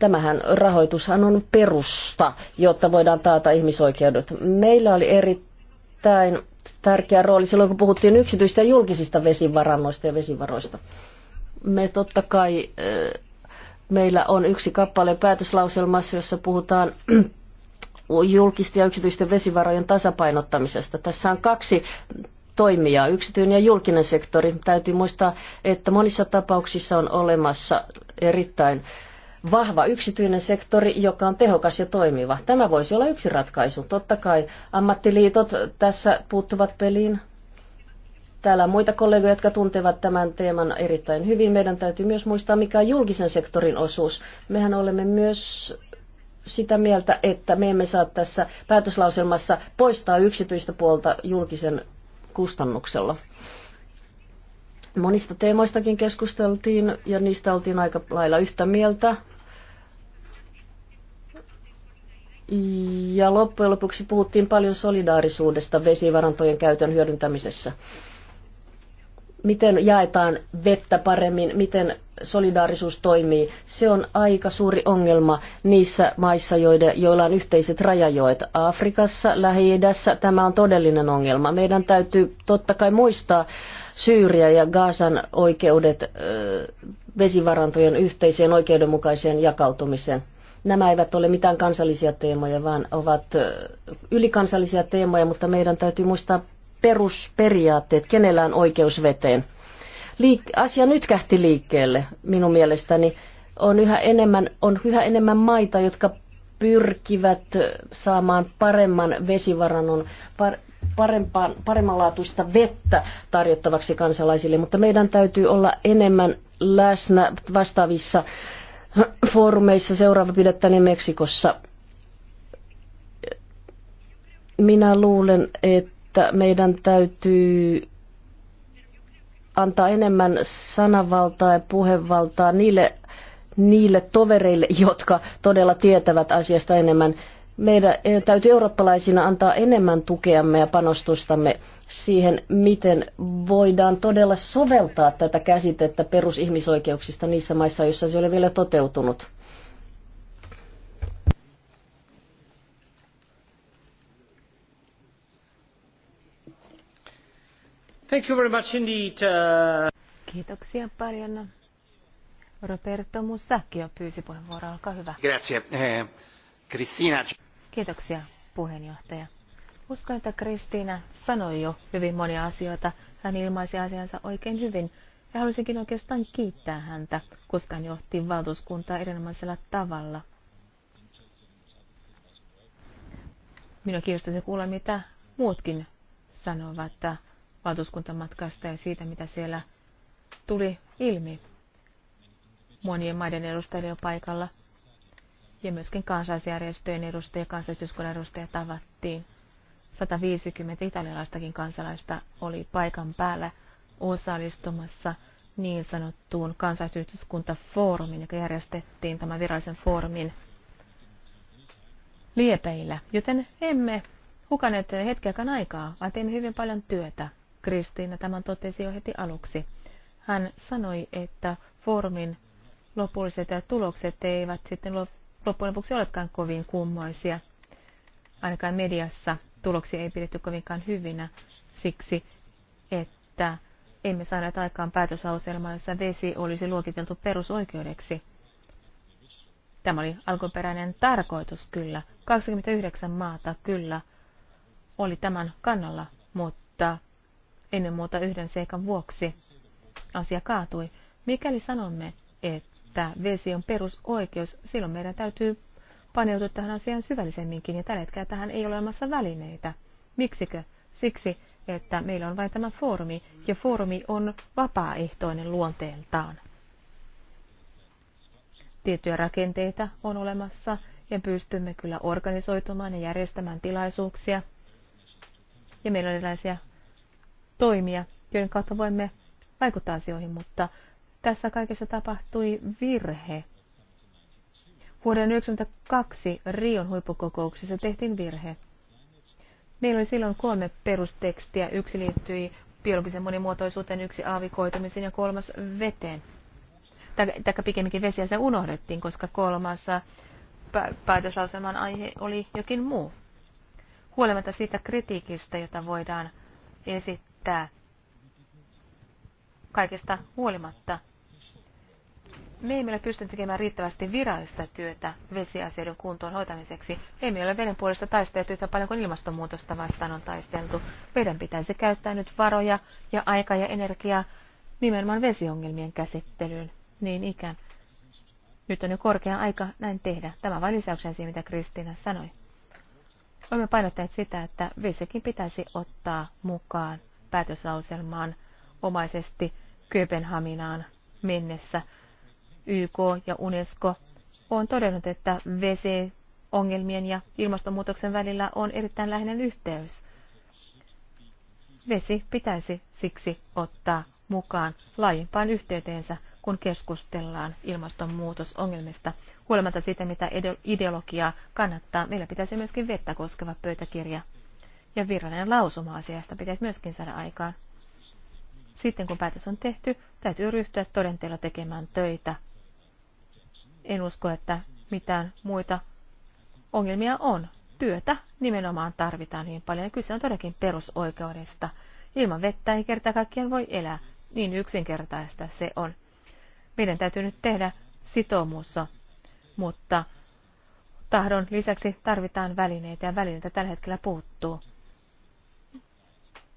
S4: Tämähän rahoitushan on perusta, jotta voidaan taata ihmisoikeudet. Meillä oli erittäin tärkeä rooli silloin, kun puhuttiin yksityistä ja julkisista vesivarannoista ja vesivaroista. Me totta kai, eh, meillä on yksi kappale päätöslauselmassa, jossa puhutaan julkisten ja yksityisten vesivarojen tasapainottamisesta. Tässä on kaksi toimijaa, yksityinen ja julkinen sektori. Täytyy muistaa, että monissa tapauksissa on olemassa erittäin vahva yksityinen sektori, joka on tehokas ja toimiva. Tämä voisi olla yksi ratkaisu. Totta kai ammattiliitot tässä puuttuvat peliin. Täällä on muita kollegoja, jotka tuntevat tämän teeman erittäin hyvin. Meidän täytyy myös muistaa, mikä on julkisen sektorin osuus. Mehän olemme myös sitä mieltä, että me emme saa tässä päätöslauselmassa poistaa yksityistä puolta julkisen kustannuksella. Monista teemoistakin keskusteltiin ja niistä oltiin aika lailla yhtä mieltä. Ja loppujen lopuksi puhuttiin paljon solidaarisuudesta vesivarantojen käytön hyödyntämisessä. Miten jaetaan vettä paremmin, miten solidaarisuus toimii, se on aika suuri ongelma niissä maissa, joiden, joilla on yhteiset rajajoet. Afrikassa, Lähi-idässä tämä on todellinen ongelma. Meidän täytyy totta kai muistaa Syyriä ja Gaasan oikeudet vesivarantojen yhteiseen oikeudenmukaiseen jakautumiseen. Nämä eivät ole mitään kansallisia teemoja, vaan ovat ylikansallisia teemoja, mutta meidän täytyy muistaa perusperiaatteet, kenellä on oikeus veteen. Liik- asia nyt kähti liikkeelle minun mielestäni. On yhä, enemmän, on yhä enemmän maita, jotka pyrkivät saamaan paremman vesivarannon, paremmanlaatuista vettä tarjottavaksi kansalaisille, mutta meidän täytyy olla enemmän läsnä vastaavissa äh, foorumeissa. Seuraava pidettäni Meksikossa. Minä luulen, että meidän täytyy antaa enemmän sanavaltaa ja puhevaltaa niille, niille tovereille, jotka todella tietävät asiasta enemmän meidän eh, täytyy eurooppalaisina antaa enemmän tukeamme ja panostustamme siihen, miten voidaan todella soveltaa tätä käsitettä perusihmisoikeuksista niissä maissa, joissa se ei ole vielä toteutunut.
S1: Thank you very much indeed. Uh,
S3: Kiitoksia paljon. Roberto Musacchio pyysi puheenvuoroa. Olkaa hyvä.
S1: Grazie. Eh, Kristina.
S3: Kiitoksia, puheenjohtaja. Uskon, että Kristiina sanoi jo hyvin monia asioita. Hän ilmaisi asiansa oikein hyvin. Ja haluaisinkin oikeastaan kiittää häntä, koska hän johti valtuuskuntaa erinomaisella tavalla. Minua kiinnostaisi kuulla, mitä muutkin sanovat valtuuskuntamatkasta ja siitä, mitä siellä tuli ilmi. Monien maiden edustajia paikalla – ja myöskin kansalaisjärjestöjen edustajia, kansalaisyhteiskunnan edustajia tavattiin. 150 italialaistakin kansalaista oli paikan päällä osallistumassa niin sanottuun kansalaisyhteiskuntafoorumiin, joka järjestettiin tämän virallisen foorumin liepeillä. Joten emme hukaneet hetkeäkään aikaa, vaan teimme hyvin paljon työtä. Kristiina tämän totesi jo heti aluksi. Hän sanoi, että foorumin lopulliset tulokset eivät sitten loppujen lopuksi olekaan kovin kummoisia. Ainakaan mediassa tuloksia ei pidetty kovinkaan hyvinä siksi, että emme saaneet aikaan päätöslauselmaa, jossa vesi olisi luokiteltu perusoikeudeksi. Tämä oli alkuperäinen tarkoitus kyllä. 29 maata kyllä oli tämän kannalla, mutta ennen muuta yhden seikan vuoksi asia kaatui. Mikäli sanomme, että että vesi on perusoikeus, silloin meidän täytyy paneutua tähän asiaan syvällisemminkin, ja tällä hetkellä tähän ei ole olemassa välineitä. Miksikö? Siksi, että meillä on vain tämä foorumi, ja foorumi on vapaaehtoinen luonteeltaan. Tiettyjä rakenteita on olemassa, ja pystymme kyllä organisoitumaan ja järjestämään tilaisuuksia. Ja meillä on erilaisia toimia, joiden kautta voimme vaikuttaa asioihin, mutta tässä kaikessa tapahtui virhe. Vuoden 1992 Rion huippukokouksessa tehtiin virhe. Meillä oli silloin kolme perustekstiä. Yksi liittyi biologisen monimuotoisuuteen, yksi aavikoitumiseen ja kolmas veteen. Tai pikemminkin vesiä se unohdettiin, koska kolmas äh, päätöslauselman aihe oli jokin muu. Huolimatta siitä kritiikistä, jota voidaan esittää, kaikesta huolimatta me emme ole pystyneet tekemään riittävästi virallista työtä vesiasioiden kuntoon hoitamiseksi. Emme ole veden puolesta taisteltu yhtä paljon kuin ilmastonmuutosta vastaan on taisteltu. Meidän pitäisi käyttää nyt varoja ja aikaa ja energiaa nimenomaan vesiongelmien käsittelyyn. Niin ikään. Nyt on jo korkea aika näin tehdä. Tämä vain lisäyksen siihen, mitä Kristiina sanoi. Olemme painottaneet sitä, että vesikin pitäisi ottaa mukaan päätöslauselmaan omaisesti Kööpenhaminaan mennessä YK ja UNESCO on todennut, että vesiongelmien ja ilmastonmuutoksen välillä on erittäin läheinen yhteys. Vesi pitäisi siksi ottaa mukaan laajempaan yhteyteensä, kun keskustellaan ilmastonmuutosongelmista. Huolimatta siitä, mitä ideologiaa kannattaa, meillä pitäisi myöskin vettä koskeva pöytäkirja. Ja virallinen lausuma asiasta pitäisi myöskin saada aikaan. Sitten kun päätös on tehty, täytyy ryhtyä todenteella tekemään töitä en usko, että mitään muita ongelmia on. Työtä nimenomaan tarvitaan niin paljon. Ja kyse on todellakin perusoikeudesta. Ilman vettä ei kerta kaikkien voi elää. Niin yksinkertaista se on. Meidän täytyy nyt tehdä sitoumussa, mutta tahdon lisäksi tarvitaan välineitä ja välineitä tällä hetkellä puuttuu.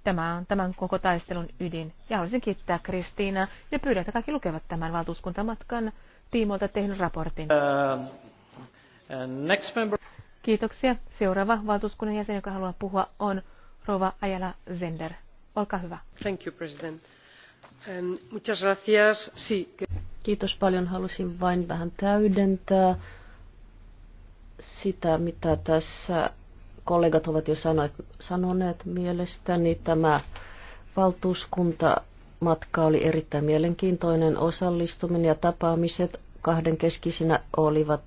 S3: Tämä on tämän koko taistelun ydin. Ja haluaisin kiittää Kristiina ja pyydän, että kaikki lukevat tämän valtuuskuntamatkan tiimoilta tehnyt raportin.
S1: Uh, uh, next
S3: member. Kiitoksia. Seuraava valtuuskunnan jäsen, joka haluaa puhua, on Rova Ayala Zender. Olkaa hyvä.
S1: Thank you, President. Um, muchas
S4: gracias. Sí. Kiitos paljon. Halusin vain vähän täydentää sitä, mitä tässä kollegat ovat jo sanoneet. sanoneet mielestäni tämä valtuuskunta matka oli erittäin mielenkiintoinen. Osallistuminen ja tapaamiset kahdenkeskisinä olivat,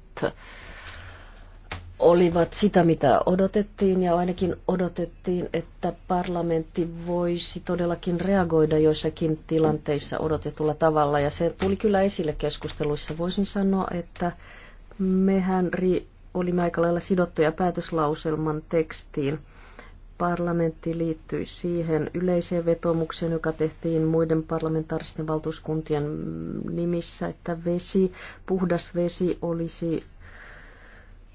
S4: olivat sitä, mitä odotettiin ja ainakin odotettiin, että parlamentti voisi todellakin reagoida joissakin tilanteissa odotetulla tavalla ja se tuli kyllä esille keskusteluissa. Voisin sanoa, että mehän ri- olimme aika lailla sidottuja päätöslauselman tekstiin parlamentti liittyi siihen yleiseen vetomukseen, joka tehtiin muiden parlamentaaristen valtuuskuntien nimissä, että vesi, puhdas vesi olisi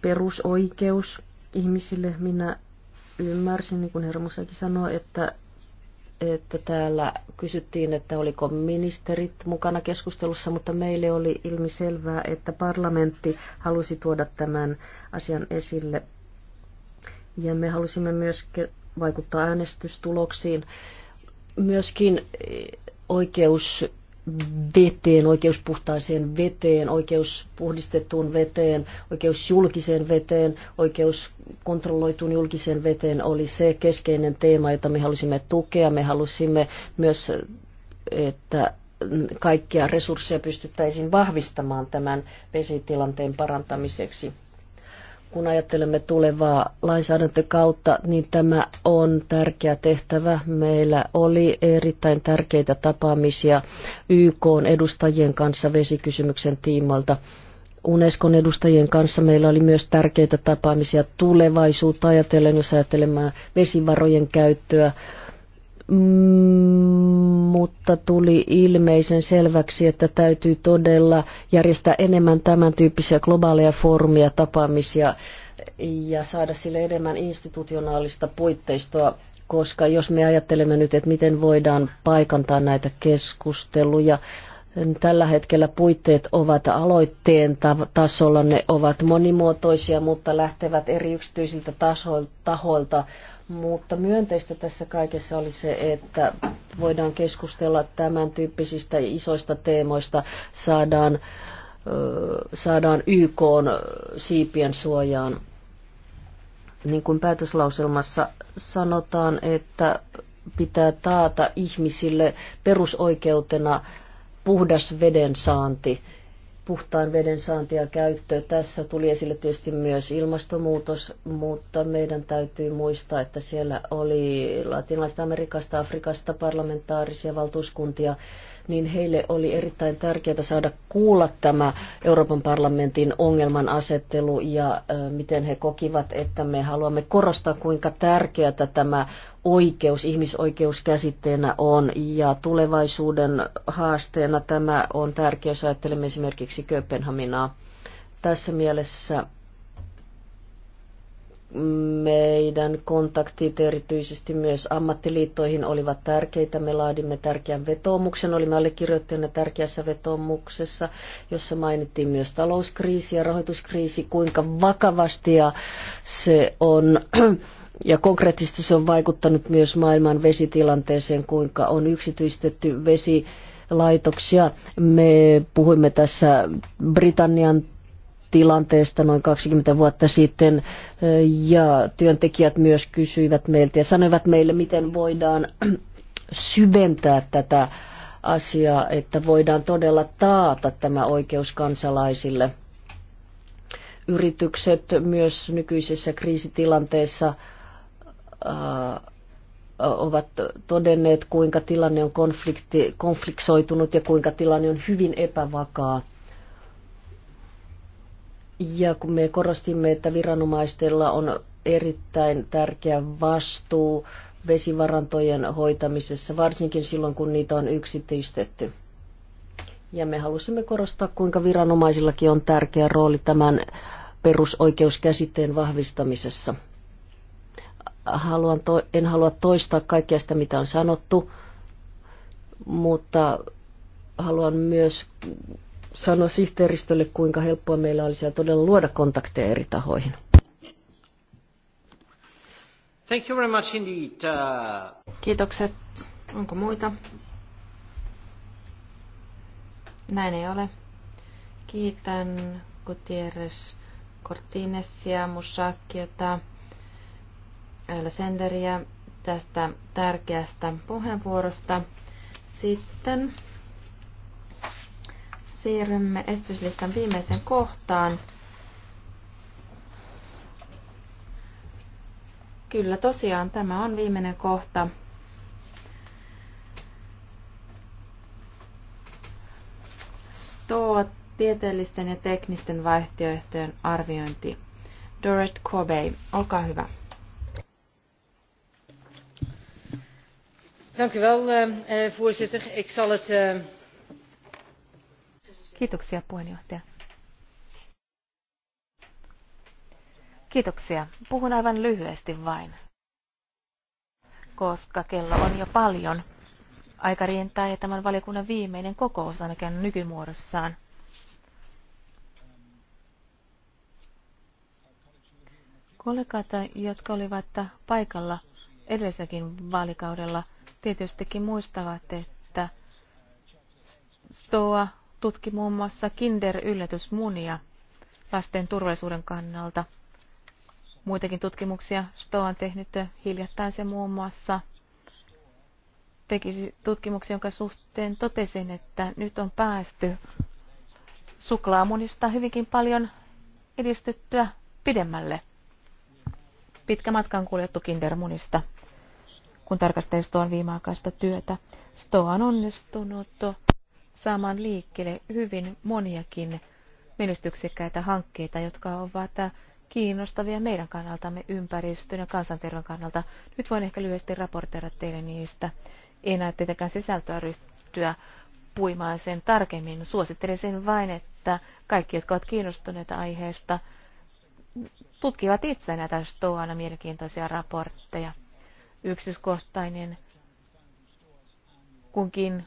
S4: perusoikeus ihmisille. Minä ymmärsin, niin kuin Hermosakin sanoi, että, että täällä kysyttiin, että oliko ministerit mukana keskustelussa, mutta meille oli ilmiselvää, että parlamentti halusi tuoda tämän asian esille ja me halusimme myös vaikuttaa äänestystuloksiin. Myöskin eh, oikeus veteen, oikeus puhtaaseen veteen, oikeus puhdistettuun veteen, oikeus julkiseen veteen, oikeus kontrolloituun julkiseen veteen oli se keskeinen teema, jota me halusimme tukea. Me halusimme myös, että kaikkia resursseja pystyttäisiin vahvistamaan tämän vesitilanteen parantamiseksi kun ajattelemme tulevaa lainsäädäntökautta, niin tämä on tärkeä tehtävä. Meillä oli erittäin tärkeitä tapaamisia YK edustajien kanssa vesikysymyksen tiimalta. Unescon edustajien kanssa meillä oli myös tärkeitä tapaamisia tulevaisuutta ajatellen, jos ajattelemme vesivarojen käyttöä, mm, mutta tuli ilmeisen selväksi, että täytyy todella järjestää enemmän tämän tyyppisiä globaaleja foorumia, tapaamisia ja saada sille enemmän institutionaalista puitteistoa, koska jos me ajattelemme nyt, että miten voidaan paikantaa näitä keskusteluja, Tällä hetkellä puitteet ovat aloitteen tasolla, ne ovat monimuotoisia, mutta lähtevät eri yksityisiltä tasoilta, tahoilta mutta myönteistä tässä kaikessa oli se, että voidaan keskustella tämän tyyppisistä isoista teemoista, saadaan, saadaan YK siipien suojaan. Niin kuin päätöslauselmassa sanotaan, että pitää taata ihmisille perusoikeutena puhdas veden saanti puhtaan veden saanti ja käyttö. Tässä tuli esille tietysti myös ilmastonmuutos, mutta meidän täytyy muistaa, että siellä oli latinalaisesta Amerikasta, Afrikasta parlamentaarisia valtuuskuntia, niin heille oli erittäin tärkeää saada kuulla tämä Euroopan parlamentin ongelman asettelu ja miten he kokivat, että me haluamme korostaa, kuinka tärkeää tämä oikeus ihmisoikeuskäsitteenä on ja tulevaisuuden haasteena tämä on tärkeä, jos ajattelemme esimerkiksi Kööpenhaminaa. Tässä mielessä meidän kontaktit erityisesti myös ammattiliittoihin olivat tärkeitä. Me laadimme tärkeän vetoomuksen, olimme allekirjoittajana tärkeässä vetoomuksessa, jossa mainittiin myös talouskriisi ja rahoituskriisi, kuinka vakavasti ja se on ja konkreettisesti se on vaikuttanut myös maailman vesitilanteeseen, kuinka on yksityistetty vesi laitoksia. Me puhuimme tässä Britannian tilanteesta noin 20 vuotta sitten ja työntekijät myös kysyivät meiltä ja sanoivat meille, miten voidaan syventää tätä asiaa, että voidaan todella taata tämä oikeus kansalaisille. Yritykset myös nykyisessä kriisitilanteessa ovat todenneet, kuinka tilanne on konflikti, konfliksoitunut ja kuinka tilanne on hyvin epävakaa – ja kun me korostimme, että viranomaistella on erittäin tärkeä vastuu vesivarantojen hoitamisessa, varsinkin silloin kun niitä on yksityistetty. Ja me halusimme korostaa, kuinka viranomaisillakin on tärkeä rooli tämän perusoikeuskäsitteen vahvistamisessa. Haluan to- en halua toistaa kaikkea sitä, mitä on sanottu, mutta haluan myös sanoa sihteeristölle, kuinka helppoa meillä olisi todella luoda kontakteja eri tahoihin.
S1: Thank you very much indeed.
S2: Uh, Kiitokset. Onko muita? Näin ei ole. Kiitän Gutierrez Cortinesia, Musakiota, Senderia tästä tärkeästä puheenvuorosta. Sitten siirrymme estyslistan viimeiseen kohtaan. Kyllä tosiaan tämä on viimeinen kohta. STOA, tieteellisten ja teknisten vaihtoehtojen arviointi. Dorit Corbey, olkaa hyvä.
S4: Dank u wel, eh, eh, voorzitter. Ik zal het eh,
S3: Kiitoksia puheenjohtaja. Kiitoksia. Puhun aivan lyhyesti vain, koska kello on jo paljon. Aika rientää ja tämän valiokunnan viimeinen kokous ainakin nykymuodossaan. Kollegat, jotka olivat paikalla edelliselläkin vaalikaudella, tietystikin muistavat, että STOA tutki muun muassa Kinder-yllätysmunia lasten turvallisuuden kannalta. Muitakin tutkimuksia Sto on tehnyt hiljattain se muun muassa teki tutkimuksen, jonka suhteen totesin, että nyt on päästy suklaamunista hyvinkin paljon edistyttyä pidemmälle. Pitkä matka on kuljettu Kindermunista, kun tarkastelee Stoan viimeaikaista työtä. stoan onnistunut saamaan liikkeelle hyvin moniakin menestyksekkäitä hankkeita, jotka ovat kiinnostavia meidän kannaltamme ympäristön ja kansanterveyden kannalta. Nyt voin ehkä lyhyesti raportoida teille niistä. Ei näe tietenkään sisältöä ryhtyä puimaan sen tarkemmin. Suosittelen sen vain, että kaikki, jotka ovat kiinnostuneita aiheesta, tutkivat itse näitä Stoana mielenkiintoisia raportteja. Yksityiskohtainen kunkin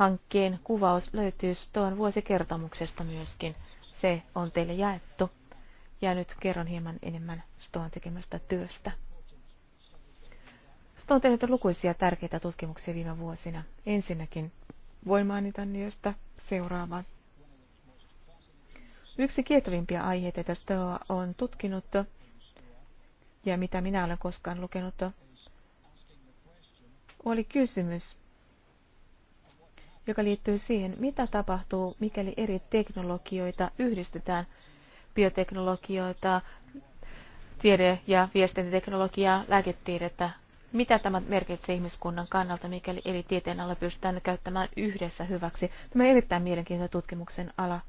S3: hankkeen kuvaus löytyy tuon vuosikertomuksesta myöskin. Se on teille jaettu. Ja nyt kerron hieman enemmän Stoon tekemästä työstä. Sto on tehnyt lukuisia tärkeitä tutkimuksia viime vuosina. Ensinnäkin voin mainita niistä seuraavan. Yksi kiehtovimpia aiheita, joita on tutkinut ja mitä minä olen koskaan lukenut, oli kysymys, joka liittyy siihen, mitä tapahtuu, mikäli eri teknologioita yhdistetään, bioteknologioita, tiede- ja viestintäteknologiaa, lääketiedettä. Mitä tämä merkitsee ihmiskunnan kannalta, mikäli eri tieteen alla pystytään käyttämään yhdessä hyväksi? Tämä on erittäin mielenkiintoinen tutkimuksen ala.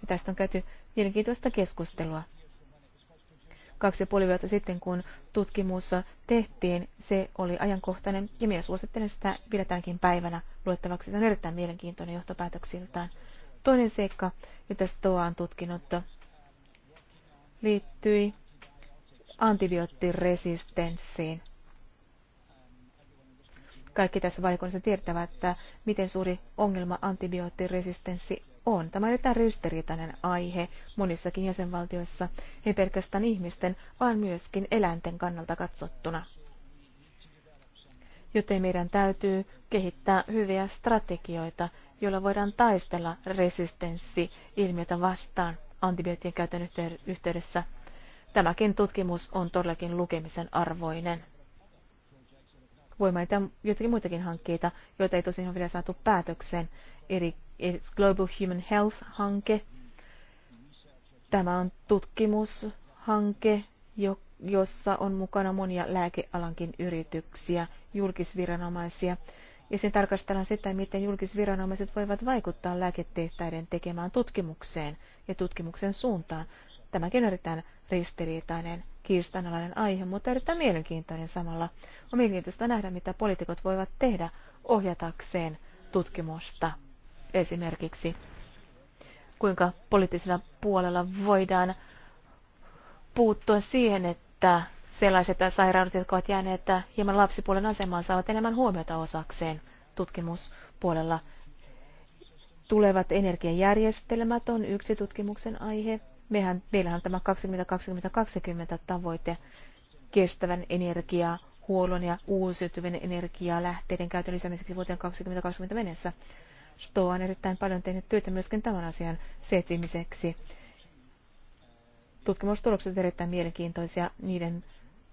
S3: Ja tästä on käyty mielenkiintoista keskustelua. Kaksi ja puoli vuotta sitten, kun tutkimus tehtiin, se oli ajankohtainen ja minä suosittelen sitä pidetäänkin päivänä luettavaksi. Se on erittäin mielenkiintoinen johtopäätöksiltään. Toinen seikka, mitä Stoa on tutkinut, liittyi antibioottiresistenssiin. Kaikki tässä valikoinnissa tietävät, että miten suuri ongelma antibioottiresistenssi on. Tämä on erittäin ristiriitainen aihe monissakin jäsenvaltioissa, ei pelkästään ihmisten, vaan myöskin eläinten kannalta katsottuna. Joten meidän täytyy kehittää hyviä strategioita, joilla voidaan taistella resistenssi-ilmiötä vastaan antibioottien käytön yhteydessä. Tämäkin tutkimus on todellakin lukemisen arvoinen. Voi mainita jotakin muitakin hankkeita, joita ei tosiaan vielä saatu päätökseen, eri Global Human Health-hanke. Tämä on tutkimushanke, jossa on mukana monia lääkealankin yrityksiä, julkisviranomaisia. Ja sen tarkastellaan sitä, miten julkisviranomaiset voivat vaikuttaa lääketehtäiden tekemään tutkimukseen ja tutkimuksen suuntaan. Tämäkin on erittäin ristiriitainen, kiistanalainen aihe, mutta erittäin mielenkiintoinen samalla. On mielenkiintoista nähdä, mitä poliitikot voivat tehdä ohjatakseen tutkimusta esimerkiksi. Kuinka poliittisella puolella voidaan puuttua siihen, että sellaiset sairaudet, jotka ovat jääneet hieman lapsipuolen asemaan, saavat enemmän huomiota osakseen tutkimuspuolella. Tulevat energiajärjestelmät on yksi tutkimuksen aihe. Mehän, meillähän on tämä 2020-2020 tavoite kestävän energiahuollon ja uusiutuvien energialähteiden käytön lisäämiseksi vuoteen 2020 mennessä. Sto on erittäin paljon tehnyt työtä myöskin tämän asian setvimiseksi. Tutkimustulokset ovat erittäin mielenkiintoisia niiden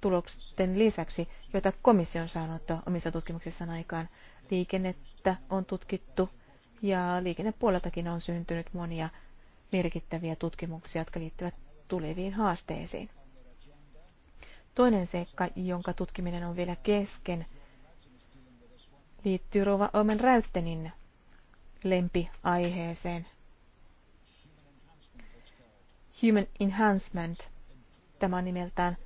S3: tulosten lisäksi, joita komissio on saanut omissa tutkimuksissaan aikaan. Liikennettä on tutkittu ja liikennepuoleltakin on syntynyt monia merkittäviä tutkimuksia, jotka liittyvät tuleviin haasteisiin. Toinen seikka, jonka tutkiminen on vielä kesken, liittyy Rova Omen Räyttenin lempiaiheeseen. Human Enhancement. Tämä on nimeltään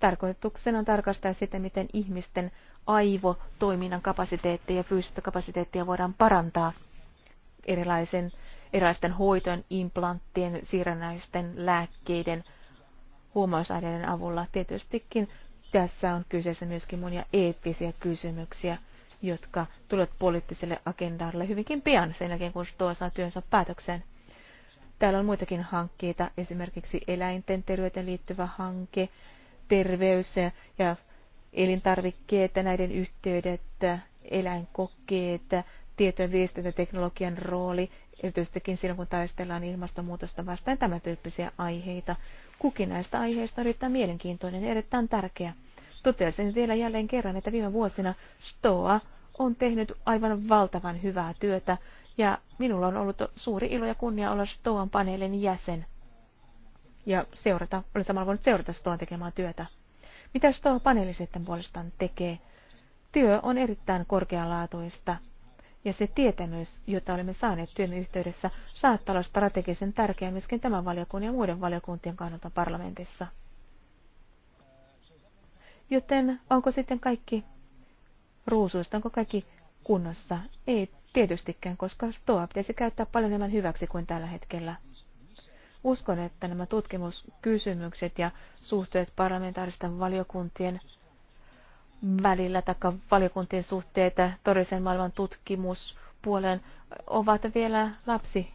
S3: tarkoituksena on tarkastaa sitä, miten ihmisten aivotoiminnan kapasiteettia ja fyysistä kapasiteettia voidaan parantaa erilaisen, erilaisten hoitojen, implanttien, siirrännäisten, lääkkeiden, huomausaineiden avulla. Tietystikin tässä on kyseessä myöskin monia eettisiä kysymyksiä – jotka tulevat poliittiselle agendalle hyvinkin pian sen jälkeen, kun tuo saa työnsä päätökseen. Täällä on muitakin hankkeita, esimerkiksi eläinten terveyteen liittyvä hanke, terveys ja elintarvikkeet, näiden yhteydet, eläinkokeet, tietojen viestintäteknologian rooli, erityisestikin silloin kun taistellaan ilmastonmuutosta vastaan, tämän tyyppisiä aiheita. Kukin näistä aiheista on erittäin mielenkiintoinen ja erittäin tärkeä. Totesin vielä jälleen kerran, että viime vuosina STOA on tehnyt aivan valtavan hyvää työtä ja minulla on ollut suuri ilo ja kunnia olla Stoan paneelin jäsen ja seurata, olen samalla voinut seurata Stoan tekemään työtä. Mitä Stoan paneeli sitten puolestaan tekee? Työ on erittäin korkealaatuista ja se tietämys, jota olemme saaneet työn yhteydessä, saattaa olla strategisen tärkeä myöskin tämän valiokunnan ja muiden valiokuntien kannalta parlamentissa. Joten onko sitten kaikki ruusuista, onko kaikki kunnossa? Ei tietystikään, koska STOA pitäisi käyttää paljon enemmän hyväksi kuin tällä hetkellä. Uskon, että nämä tutkimuskysymykset ja suhteet parlamentaaristen valiokuntien välillä tai valiokuntien suhteita todellisen maailman tutkimuspuoleen ovat vielä lapsi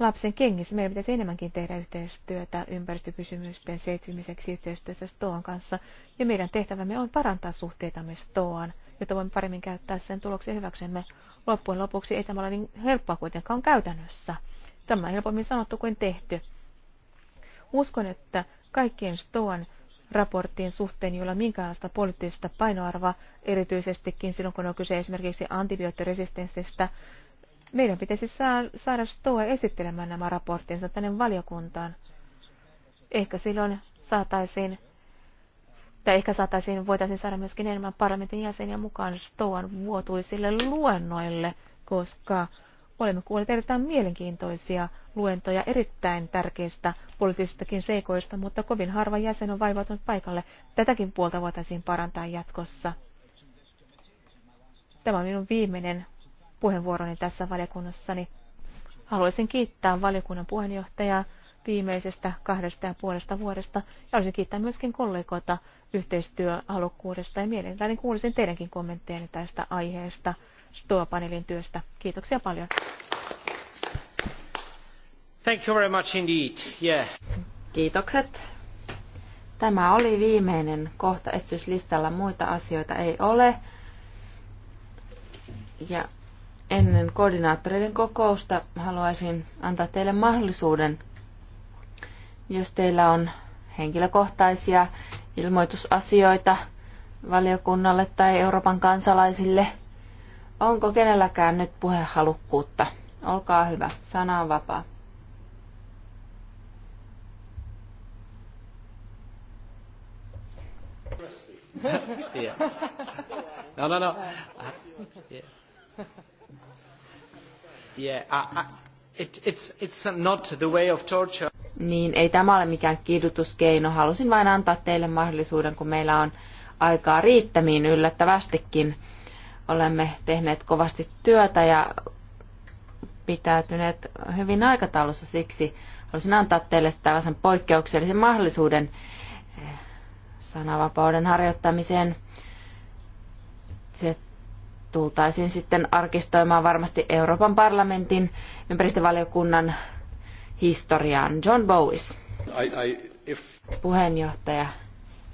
S3: lapsen kengissä. Meidän pitäisi enemmänkin tehdä yhteistyötä ympäristökysymysten seitsemiseksi yhteistyössä Stoan kanssa. Ja meidän tehtävämme on parantaa suhteitamme Stoan, jotta voimme paremmin käyttää sen tuloksen hyväksemme. Loppujen lopuksi ei tämä ole niin helppoa kuitenkaan käytännössä. Tämä on helpommin sanottu kuin tehty. Uskon, että kaikkien Stoan raporttien suhteen, jolla minkäänlaista poliittista painoarvoa, erityisestikin silloin kun on kyse esimerkiksi antibioottiresistenssistä meidän pitäisi saada Stoa esittelemään nämä raporttinsa tänne valiokuntaan. Ehkä silloin saataisiin, tai ehkä saataisiin, voitaisiin saada myöskin enemmän parlamentin jäseniä mukaan Stoan vuotuisille luennoille, koska olemme kuulleet erittäin mielenkiintoisia luentoja erittäin tärkeistä poliittisistakin seikoista, mutta kovin harva jäsen on vaivautunut paikalle. Tätäkin puolta voitaisiin parantaa jatkossa. Tämä on minun viimeinen puheenvuoroni tässä valiokunnassani. Haluaisin kiittää valiokunnan puheenjohtajaa viimeisestä kahdesta ja puolesta vuodesta ja haluaisin kiittää myöskin kollegoita yhteistyöhalukkuudesta ja mielelläni kuulisin teidänkin kommenttejanne tästä aiheesta STOA-paneelin työstä. Kiitoksia paljon.
S1: Thank you very much indeed. Yeah. Kiitokset.
S2: Tämä oli viimeinen kohta esityslistalla. Muita asioita ei ole. Ja ennen koordinaattoreiden kokousta haluaisin antaa teille mahdollisuuden, jos teillä on henkilökohtaisia ilmoitusasioita valiokunnalle tai Euroopan kansalaisille. Onko kenelläkään nyt puhehalukkuutta? Olkaa hyvä, sana on vapaa.
S1: yeah. No, no, no. Yeah.
S2: Niin, ei tämä ole mikään kidutuskeino. Halusin vain antaa teille mahdollisuuden, kun meillä on aikaa riittämiin yllättävästikin. Olemme tehneet kovasti työtä ja pitäytyneet hyvin aikataulussa siksi. Haluaisin antaa teille tällaisen poikkeuksellisen mahdollisuuden eh, sananvapauden harjoittamiseen. Se tultaisiin sitten arkistoimaan varmasti Euroopan parlamentin ympäristövaliokunnan historiaan. John Bowis,
S1: I, I, if...
S2: puheenjohtaja,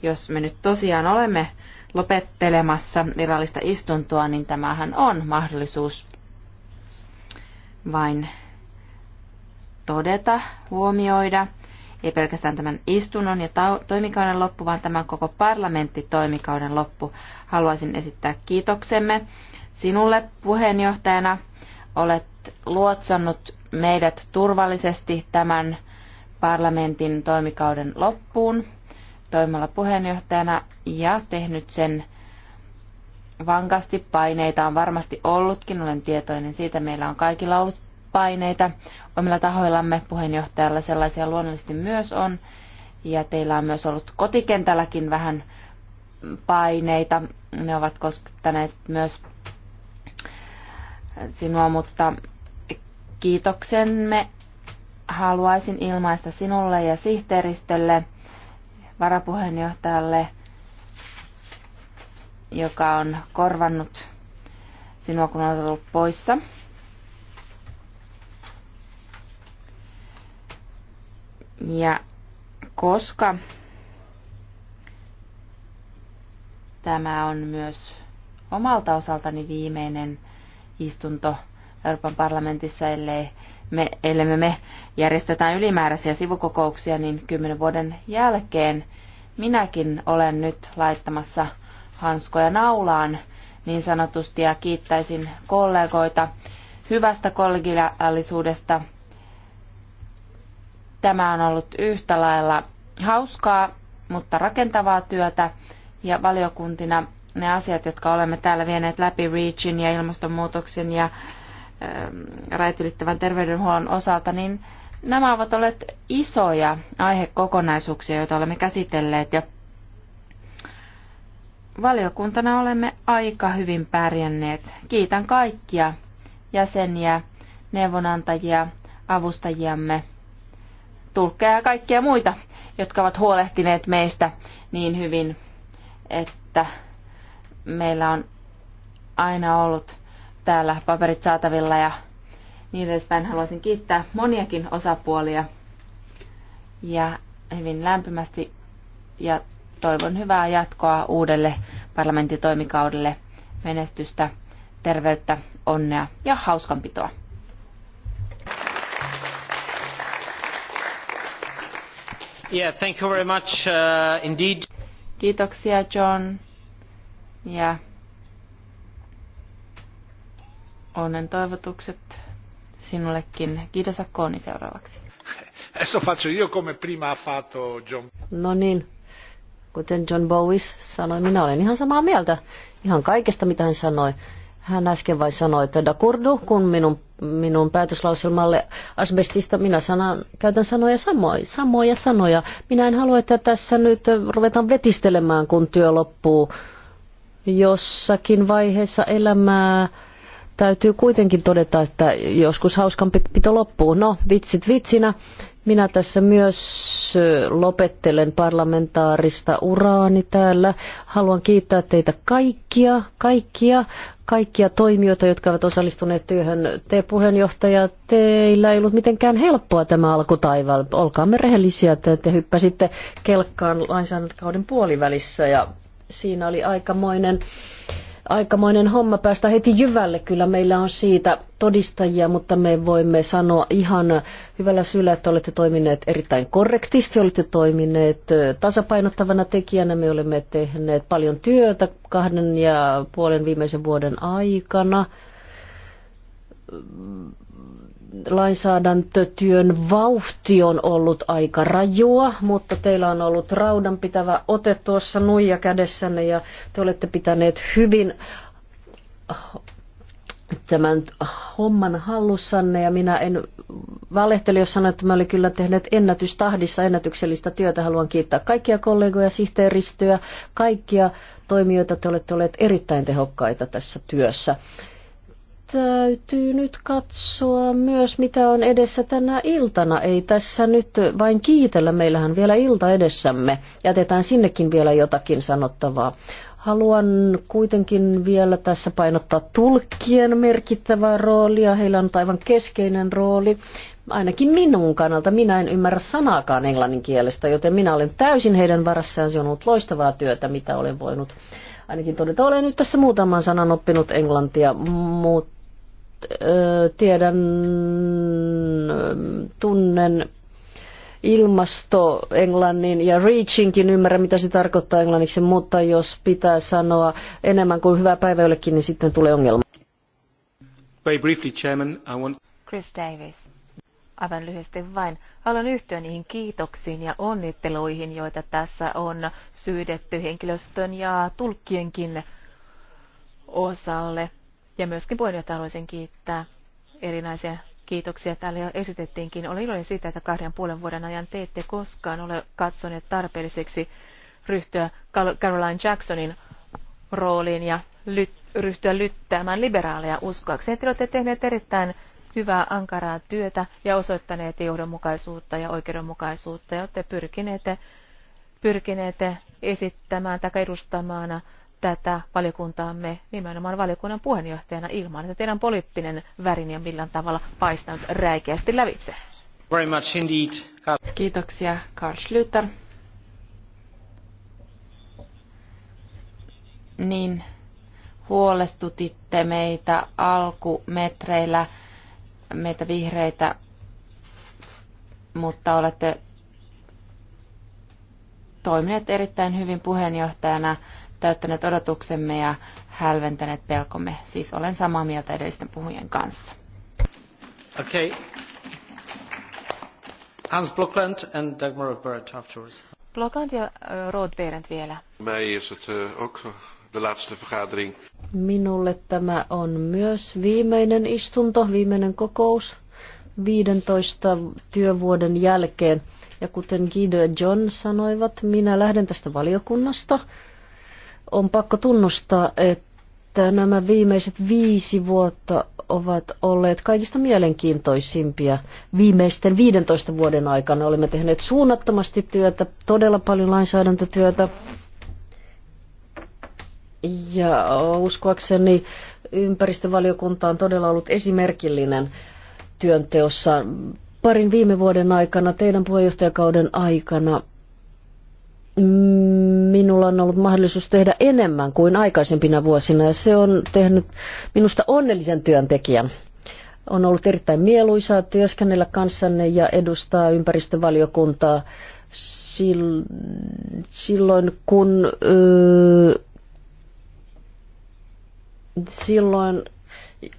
S2: jos me nyt tosiaan olemme lopettelemassa virallista istuntoa, niin tämähän on mahdollisuus vain todeta, huomioida, ei pelkästään tämän istunnon ja toimikauden loppu, vaan tämän koko parlamenttitoimikauden loppu. Haluaisin esittää kiitoksemme sinulle puheenjohtajana. Olet luotsannut meidät turvallisesti tämän parlamentin toimikauden loppuun toimilla puheenjohtajana ja tehnyt sen vankasti. Paineita on varmasti ollutkin, olen tietoinen siitä. Meillä on kaikilla ollut paineita omilla tahoillamme. Puheenjohtajalla sellaisia luonnollisesti myös on. Ja teillä on myös ollut kotikentälläkin vähän paineita. Ne ovat koskettaneet myös sinua, mutta kiitoksemme haluaisin ilmaista sinulle ja sihteeristölle, varapuheenjohtajalle, joka on korvannut sinua, kun olet ollut poissa. Ja koska tämä on myös omalta osaltani viimeinen istunto Euroopan parlamentissa, ellei me, ellei me järjestetään ylimääräisiä sivukokouksia, niin kymmenen vuoden jälkeen minäkin olen nyt laittamassa hanskoja naulaan niin sanotusti ja kiittäisin kollegoita hyvästä kollegiallisuudesta. Tämä on ollut yhtä lailla hauskaa, mutta rakentavaa työtä ja valiokuntina ne asiat, jotka olemme täällä vieneet läpi REACHin ja ilmastonmuutoksen ja ähm, rajat ylittävän terveydenhuollon osalta, niin nämä ovat olleet isoja aihekokonaisuuksia, joita olemme käsitelleet ja valiokuntana olemme aika hyvin pärjänneet. Kiitän kaikkia jäseniä, neuvonantajia, avustajiamme, tulkkeja ja kaikkia muita, jotka ovat huolehtineet meistä niin hyvin, että meillä on aina ollut täällä paperit saatavilla ja niin edespäin. Haluaisin kiittää moniakin osapuolia ja hyvin lämpimästi ja toivon hyvää jatkoa uudelle parlamenttitoimikaudelle, menestystä, terveyttä, onnea ja hauskanpitoa.
S1: Yeah, thank you very much, uh, indeed. Kiitoksia John.
S2: Ja onnen toivotukset sinullekin. Kiitos Akkooni seuraavaksi.
S1: Adesso faccio io come prima ha fatto John.
S4: No niin, kuten John Bowies sanoi, minä olen ihan samaa mieltä ihan kaikesta, mitä hän sanoi. Hän äsken vain sanoi, että dakurdu, kun minun, minun päätöslauselmalle asbestista minä sanan, käytän sanoja samoja, samoja sanoja. Minä en halua, että tässä nyt ruvetaan vetistelemään, kun työ loppuu jossakin vaiheessa elämää täytyy kuitenkin todeta, että joskus hauskan pito loppuu. No, vitsit vitsinä. Minä tässä myös lopettelen parlamentaarista uraani täällä. Haluan kiittää teitä kaikkia, kaikkia, kaikkia toimijoita, jotka ovat osallistuneet työhön. Te puheenjohtaja, teillä ei ollut mitenkään helppoa tämä alkutaival. Olkaamme rehellisiä, että te hyppäsitte kelkkaan lainsäädäntökauden puolivälissä ja siinä oli aikamoinen, aikamoinen homma päästä heti jyvälle. Kyllä meillä on siitä todistajia, mutta me voimme sanoa ihan hyvällä syyllä, että olette toimineet erittäin korrektisti, olette toimineet tasapainottavana tekijänä. Me olemme tehneet paljon työtä kahden ja puolen viimeisen vuoden aikana lainsäädäntötyön vauhti on ollut aika rajua, mutta teillä on ollut raudanpitävä ote tuossa nuija kädessänne ja te olette pitäneet hyvin tämän homman hallussanne ja minä en valehteli, jos sanoin, että me olin kyllä tehneet ennätystahdissa ennätyksellistä työtä. Haluan kiittää kaikkia kollegoja, sihteeristöä, kaikkia toimijoita. Te olette olleet erittäin tehokkaita tässä työssä täytyy nyt katsoa myös, mitä on edessä tänä iltana. Ei tässä nyt vain kiitellä, meillähän vielä ilta edessämme. Jätetään sinnekin vielä jotakin sanottavaa. Haluan kuitenkin vielä tässä painottaa tulkkien merkittävää roolia. Heillä on aivan keskeinen rooli. Ainakin minun kannalta minä en ymmärrä sanaakaan englannin kielestä, joten minä olen täysin heidän varassaan. Se on ollut loistavaa työtä, mitä olen voinut ainakin todeta. Olen nyt tässä muutaman sanan oppinut englantia, mutta tiedän, tunnen ilmasto englannin ja reachingkin ymmärrä, mitä se tarkoittaa englanniksi, mutta jos pitää sanoa enemmän kuin hyvää päivä jollekin, niin sitten tulee ongelma.
S1: Very briefly, Chairman, I
S3: want... Chris Davis. Aivan lyhyesti vain. Haluan yhtyä niihin kiitoksiin ja onnitteluihin, joita tässä on syydetty henkilöstön ja tulkkienkin osalle. Ja myöskin puheenjohtaja haluaisin kiittää erinäisiä kiitoksia täällä jo esitettiinkin. Olen iloinen siitä, että kahden puolen vuoden ajan te ette koskaan ole katsoneet tarpeelliseksi ryhtyä Caroline Jacksonin rooliin ja ryhtyä lyttämään liberaaleja uskoakseni. Te olette tehneet erittäin hyvää, ankaraa työtä ja osoittaneet johdonmukaisuutta ja oikeudenmukaisuutta ja olette pyrkineet, pyrkineet esittämään tai edustamaan tätä valiokuntaamme nimenomaan valiokunnan puheenjohtajana ilman, että teidän poliittinen värini on millään tavalla paistanut räikeästi lävitse.
S1: Very much indeed. Kiitoksia, Karl
S2: Schlüter. Niin, huolestutitte meitä alkumetreillä, meitä vihreitä, mutta olette toimineet erittäin hyvin puheenjohtajana täyttäneet odotuksemme ja hälventäneet pelkomme. Siis olen samaa mieltä edellisten puhujien kanssa.
S1: Okay. Hans Blokland and Dagmar Rothberg afterwards.
S3: Blokland ja äh, Rothberg vielä.
S1: Mij is het eh, ook de laatste vergadering.
S4: Minulle tämä on myös viimeinen istunto, viimeinen kokous 15 työvuoden jälkeen. Ja kuten Guido ja John sanoivat, minä lähden tästä valiokunnasta on pakko tunnustaa, että nämä viimeiset viisi vuotta ovat olleet kaikista mielenkiintoisimpia viimeisten 15 vuoden aikana. Olemme tehneet suunnattomasti työtä, todella paljon lainsäädäntötyötä. Ja uskoakseni ympäristövaliokunta on todella ollut esimerkillinen työnteossa parin viime vuoden aikana, teidän puheenjohtajakauden aikana, minulla on ollut mahdollisuus tehdä enemmän kuin aikaisempina vuosina ja se on tehnyt minusta onnellisen työntekijän. On ollut erittäin mieluisaa työskennellä kanssanne ja edustaa ympäristövaliokuntaa silloin, kun silloin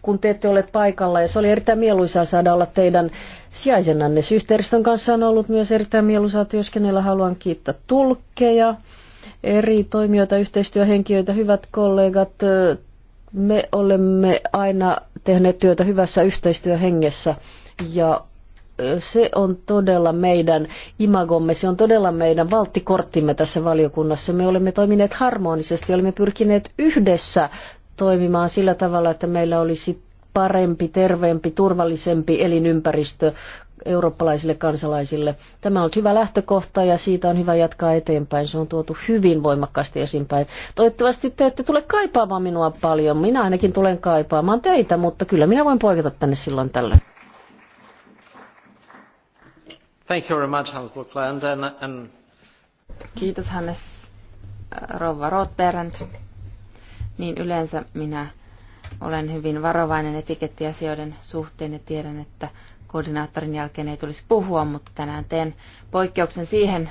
S4: kun te ette ole paikalla ja se oli erittäin mieluisaa saada olla teidän sijaisenanne. Syhteeristön kanssa on ollut myös erittäin mieluisaa työskennellä. Haluan kiittää tulkkeja, eri toimijoita, yhteistyöhenkilöitä, hyvät kollegat. Me olemme aina tehneet työtä hyvässä yhteistyöhengessä ja se on todella meidän imagomme, se on todella meidän valttikorttimme tässä valiokunnassa. Me olemme toimineet harmonisesti, olemme pyrkineet yhdessä toimimaan sillä tavalla, että meillä olisi parempi, terveempi, turvallisempi elinympäristö eurooppalaisille kansalaisille. Tämä on ollut hyvä lähtökohta ja siitä on hyvä jatkaa eteenpäin. Se on tuotu hyvin voimakkaasti esiinpäin. Toivottavasti te ette tule kaipaamaan minua paljon. Minä ainakin tulen kaipaamaan teitä, mutta kyllä minä voin poiketa tänne silloin tällä.
S1: Thank you very much, Hans Buckland. And, and...
S2: Kiitos Hannes Rova Rothberg niin yleensä minä olen hyvin varovainen etikettiasioiden suhteen ja tiedän, että koordinaattorin jälkeen ei tulisi puhua, mutta tänään teen poikkeuksen siihen.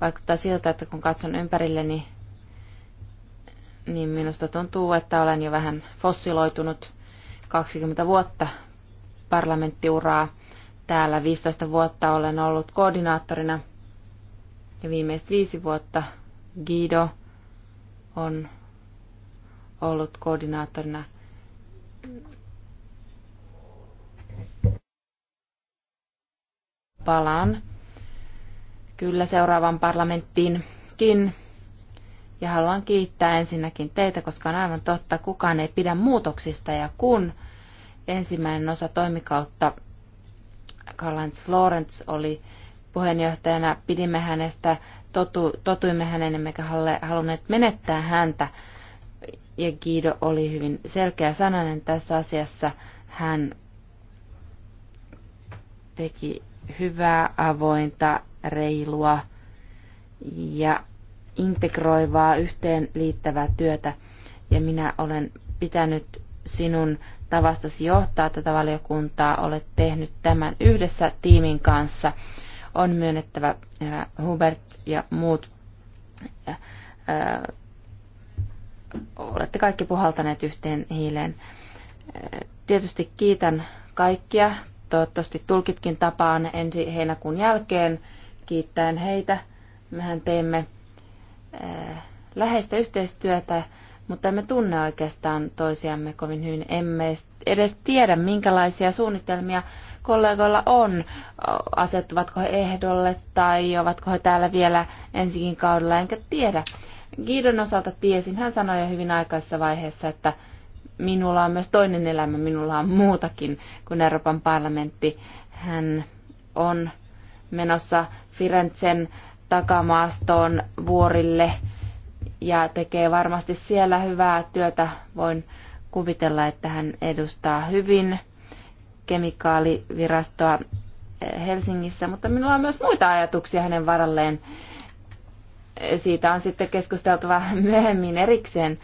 S2: Vaikuttaa siltä, että kun katson ympärilleni, niin, niin minusta tuntuu, että olen jo vähän fossiloitunut 20 vuotta parlamenttiuraa. Täällä 15 vuotta olen ollut koordinaattorina ja viimeiset viisi vuotta Guido on ollut koordinaattorina palaan kyllä seuraavan parlamenttiinkin. Ja haluan kiittää ensinnäkin teitä, koska on aivan totta, kukaan ei pidä muutoksista. Ja kun ensimmäinen osa toimikautta Karl-Heinz Florence oli puheenjohtajana, pidimme hänestä, totu, totuimme hänen, emmekä halunneet menettää häntä ja Guido oli hyvin selkeä sananen tässä asiassa. Hän teki hyvää, avointa, reilua ja integroivaa, yhteen liittävää työtä. Ja minä olen pitänyt sinun tavastasi johtaa tätä valiokuntaa. Olet tehnyt tämän yhdessä tiimin kanssa. On myönnettävä Hubert ja muut äh, äh, olette kaikki puhaltaneet yhteen hiileen. Tietysti kiitän kaikkia. Toivottavasti tulkitkin tapaan ensi heinäkuun jälkeen kiittäen heitä. Mehän teemme eh, läheistä yhteistyötä, mutta emme tunne oikeastaan toisiamme kovin hyvin. Emme edes tiedä, minkälaisia suunnitelmia kollegoilla on. Asettuvatko he ehdolle tai ovatko he täällä vielä ensikin kaudella, enkä tiedä. Giidon osalta tiesin, hän sanoi jo hyvin aikaisessa vaiheessa, että minulla on myös toinen elämä, minulla on muutakin kuin Euroopan parlamentti. Hän on menossa Firenzen takamaastoon vuorille ja tekee varmasti siellä hyvää työtä. Voin kuvitella, että hän edustaa hyvin kemikaalivirastoa Helsingissä, mutta minulla on myös muita ajatuksia hänen varalleen siitä on sitten keskusteltava myöhemmin erikseen.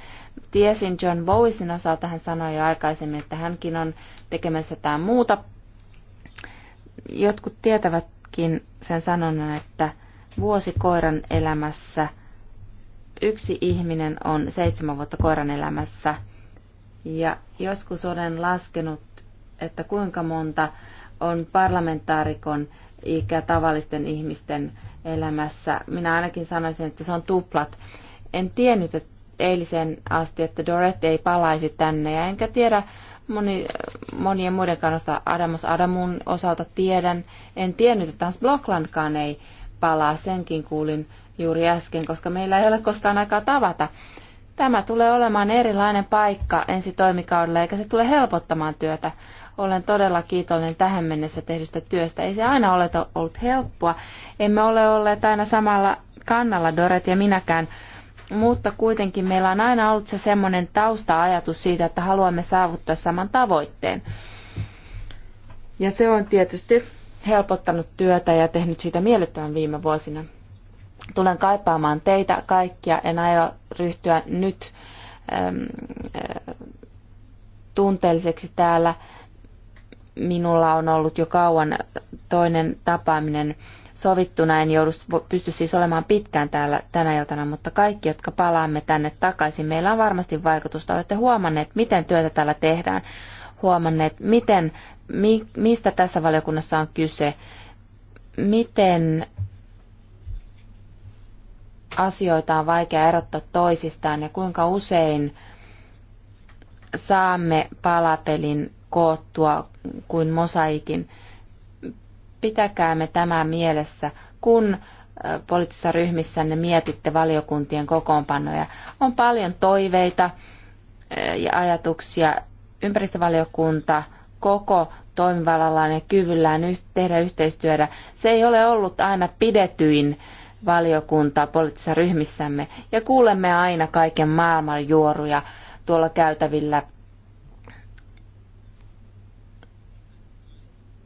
S2: Tiesin John Bowisin osalta, hän sanoi jo aikaisemmin, että hänkin on tekemässä tämä muuta. Jotkut tietävätkin sen sanonnan, että vuosi koiran elämässä, yksi ihminen on seitsemän vuotta koiran elämässä. Ja joskus olen laskenut, että kuinka monta on parlamentaarikon ikä tavallisten ihmisten elämässä. Minä ainakin sanoisin, että se on tuplat. En tiennyt että eilisen asti, että Dorette ei palaisi tänne, ja enkä tiedä moni, monien muiden kanssa Adamus Adamun osalta tiedän. En tiennyt, että Hans Blocklandkaan ei palaa, senkin kuulin juuri äsken, koska meillä ei ole koskaan aikaa tavata. Tämä tulee olemaan erilainen paikka ensi toimikaudella, eikä se tule helpottamaan työtä. Olen todella kiitollinen tähän mennessä tehdystä työstä. Ei se aina ole ollut helppoa. Emme ole olleet aina samalla kannalla, Doret ja minäkään, mutta kuitenkin meillä on aina ollut se semmoinen tausta-ajatus siitä, että haluamme saavuttaa saman tavoitteen. Ja se on tietysti helpottanut työtä ja tehnyt siitä miellyttävän viime vuosina. Tulen kaipaamaan teitä kaikkia, en aio ryhtyä nyt ähm, äh, tunteelliseksi täällä minulla on ollut jo kauan toinen tapaaminen sovittuna. En joudu, pysty siis olemaan pitkään täällä tänä iltana, mutta kaikki, jotka palaamme tänne takaisin, meillä on varmasti vaikutusta. Olette huomanneet, miten työtä täällä tehdään, huomanneet, miten, mi, mistä tässä valiokunnassa on kyse, miten asioita on vaikea erottaa toisistaan ja kuinka usein saamme palapelin koottua kuin mosaikin. Pitäkäämme tämä mielessä, kun poliittisissa ryhmissänne mietitte valiokuntien kokoonpanoja. On paljon toiveita ja ajatuksia. Ympäristövaliokunta koko toimivallallaan ja kyvyllään tehdä yhteistyötä. Se ei ole ollut aina pidetyin valiokunta poliittisissa ryhmissämme ja kuulemme aina kaiken maailman juoruja tuolla käytävillä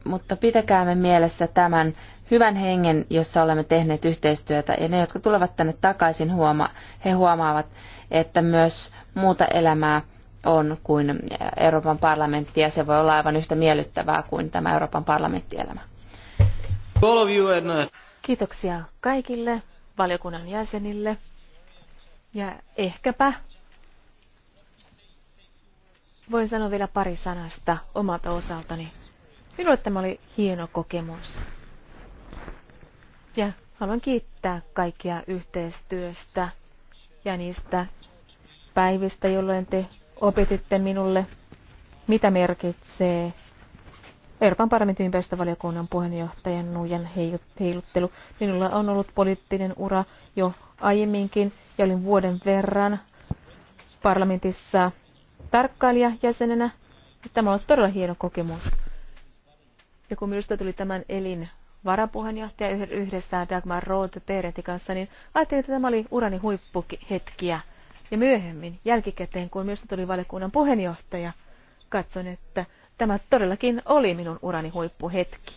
S2: Mutta pitäkäämme mielessä tämän hyvän hengen, jossa olemme tehneet yhteistyötä, ja ne, jotka tulevat tänne takaisin, huoma- he huomaavat, että myös muuta elämää on kuin Euroopan parlamentti, ja se voi olla aivan yhtä miellyttävää
S3: kuin tämä Euroopan parlamenttielämä. Kiitoksia kaikille valiokunnan jäsenille. Ja ehkäpä voin sanoa vielä pari sanasta omalta osaltani. Minulle tämä oli hieno kokemus. Ja haluan kiittää kaikkia yhteistyöstä ja niistä päivistä, jolloin te opetitte minulle, mitä merkitsee Euroopan parlamentin ympäristövaliokunnan puheenjohtajan Nujan heiluttelu. Minulla on ollut poliittinen ura jo aiemminkin ja olin vuoden verran parlamentissa tarkkailijajäsenenä. Tämä on todella hieno kokemus. Ja kun minusta tuli tämän elin varapuheenjohtaja yhdessä Dagmar Roth Peretin kanssa, niin ajattelin, että tämä oli urani huippuhetkiä. Ja myöhemmin, jälkikäteen, kun minusta tuli valiokunnan puheenjohtaja, katson, että tämä todellakin oli minun urani huippuhetki.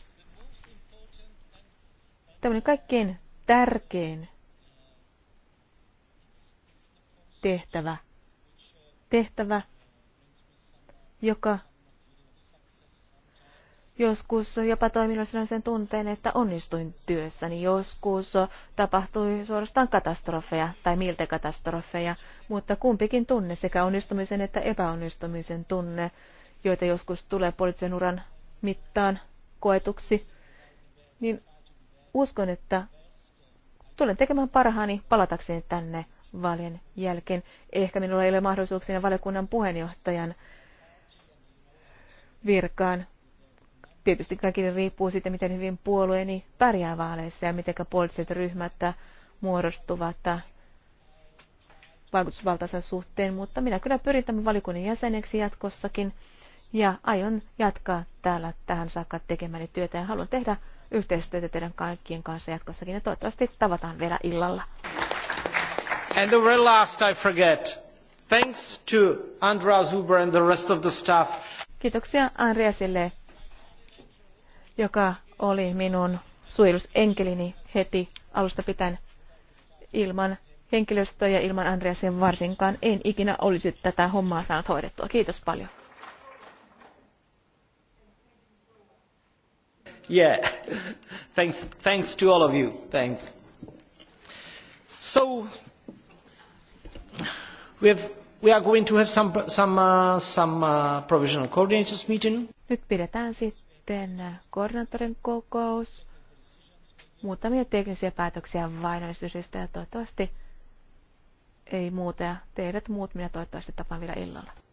S3: Tämä oli kaikkein tärkein tehtävä. Tehtävä, joka Joskus jopa toimin sellaisen tunteen, että onnistuin työssäni. Joskus tapahtui suorastaan katastrofeja tai miltä katastrofeja, mutta kumpikin tunne, sekä onnistumisen että epäonnistumisen tunne, joita joskus tulee poliittisen uran mittaan koetuksi, niin uskon, että tulen tekemään parhaani palatakseni tänne vaalien jälkeen. Ehkä minulla ei ole mahdollisuuksia valiokunnan puheenjohtajan virkaan, Tietysti kaikille riippuu siitä, miten hyvin puolueeni pärjää vaaleissa ja miten poliittiset ryhmät muodostuvat vaikutusvaltaisen suhteen, mutta minä kyllä pyrin tämän valikunnan jäseneksi jatkossakin ja aion jatkaa täällä tähän saakka tekemäni työtä ja haluan tehdä yhteistyötä teidän kaikkien kanssa jatkossakin ja toivottavasti tavataan vielä illalla.
S1: And the very last I forget. Thanks to Andrea Zuber and the rest of the staff.
S3: Kiitoksia Andreasille joka oli minun suojelusenkelini heti alusta pitäen ilman henkilöstöä ja ilman Andreasen varsinkaan en ikinä olisi tätä hommaa saanut hoidettua. Kiitos paljon.
S1: Yeah. Thanks, thanks to all of you. Thanks. So we have we are going to have some some uh, some uh, provisional coordinators meeting. Nyt pidetään sitten
S3: sitten koordinaattorin kokous. Muutamia teknisiä päätöksiä vain ja toivottavasti ei muuta. Ja teidät muut minä toivottavasti
S1: tapaan vielä illalla.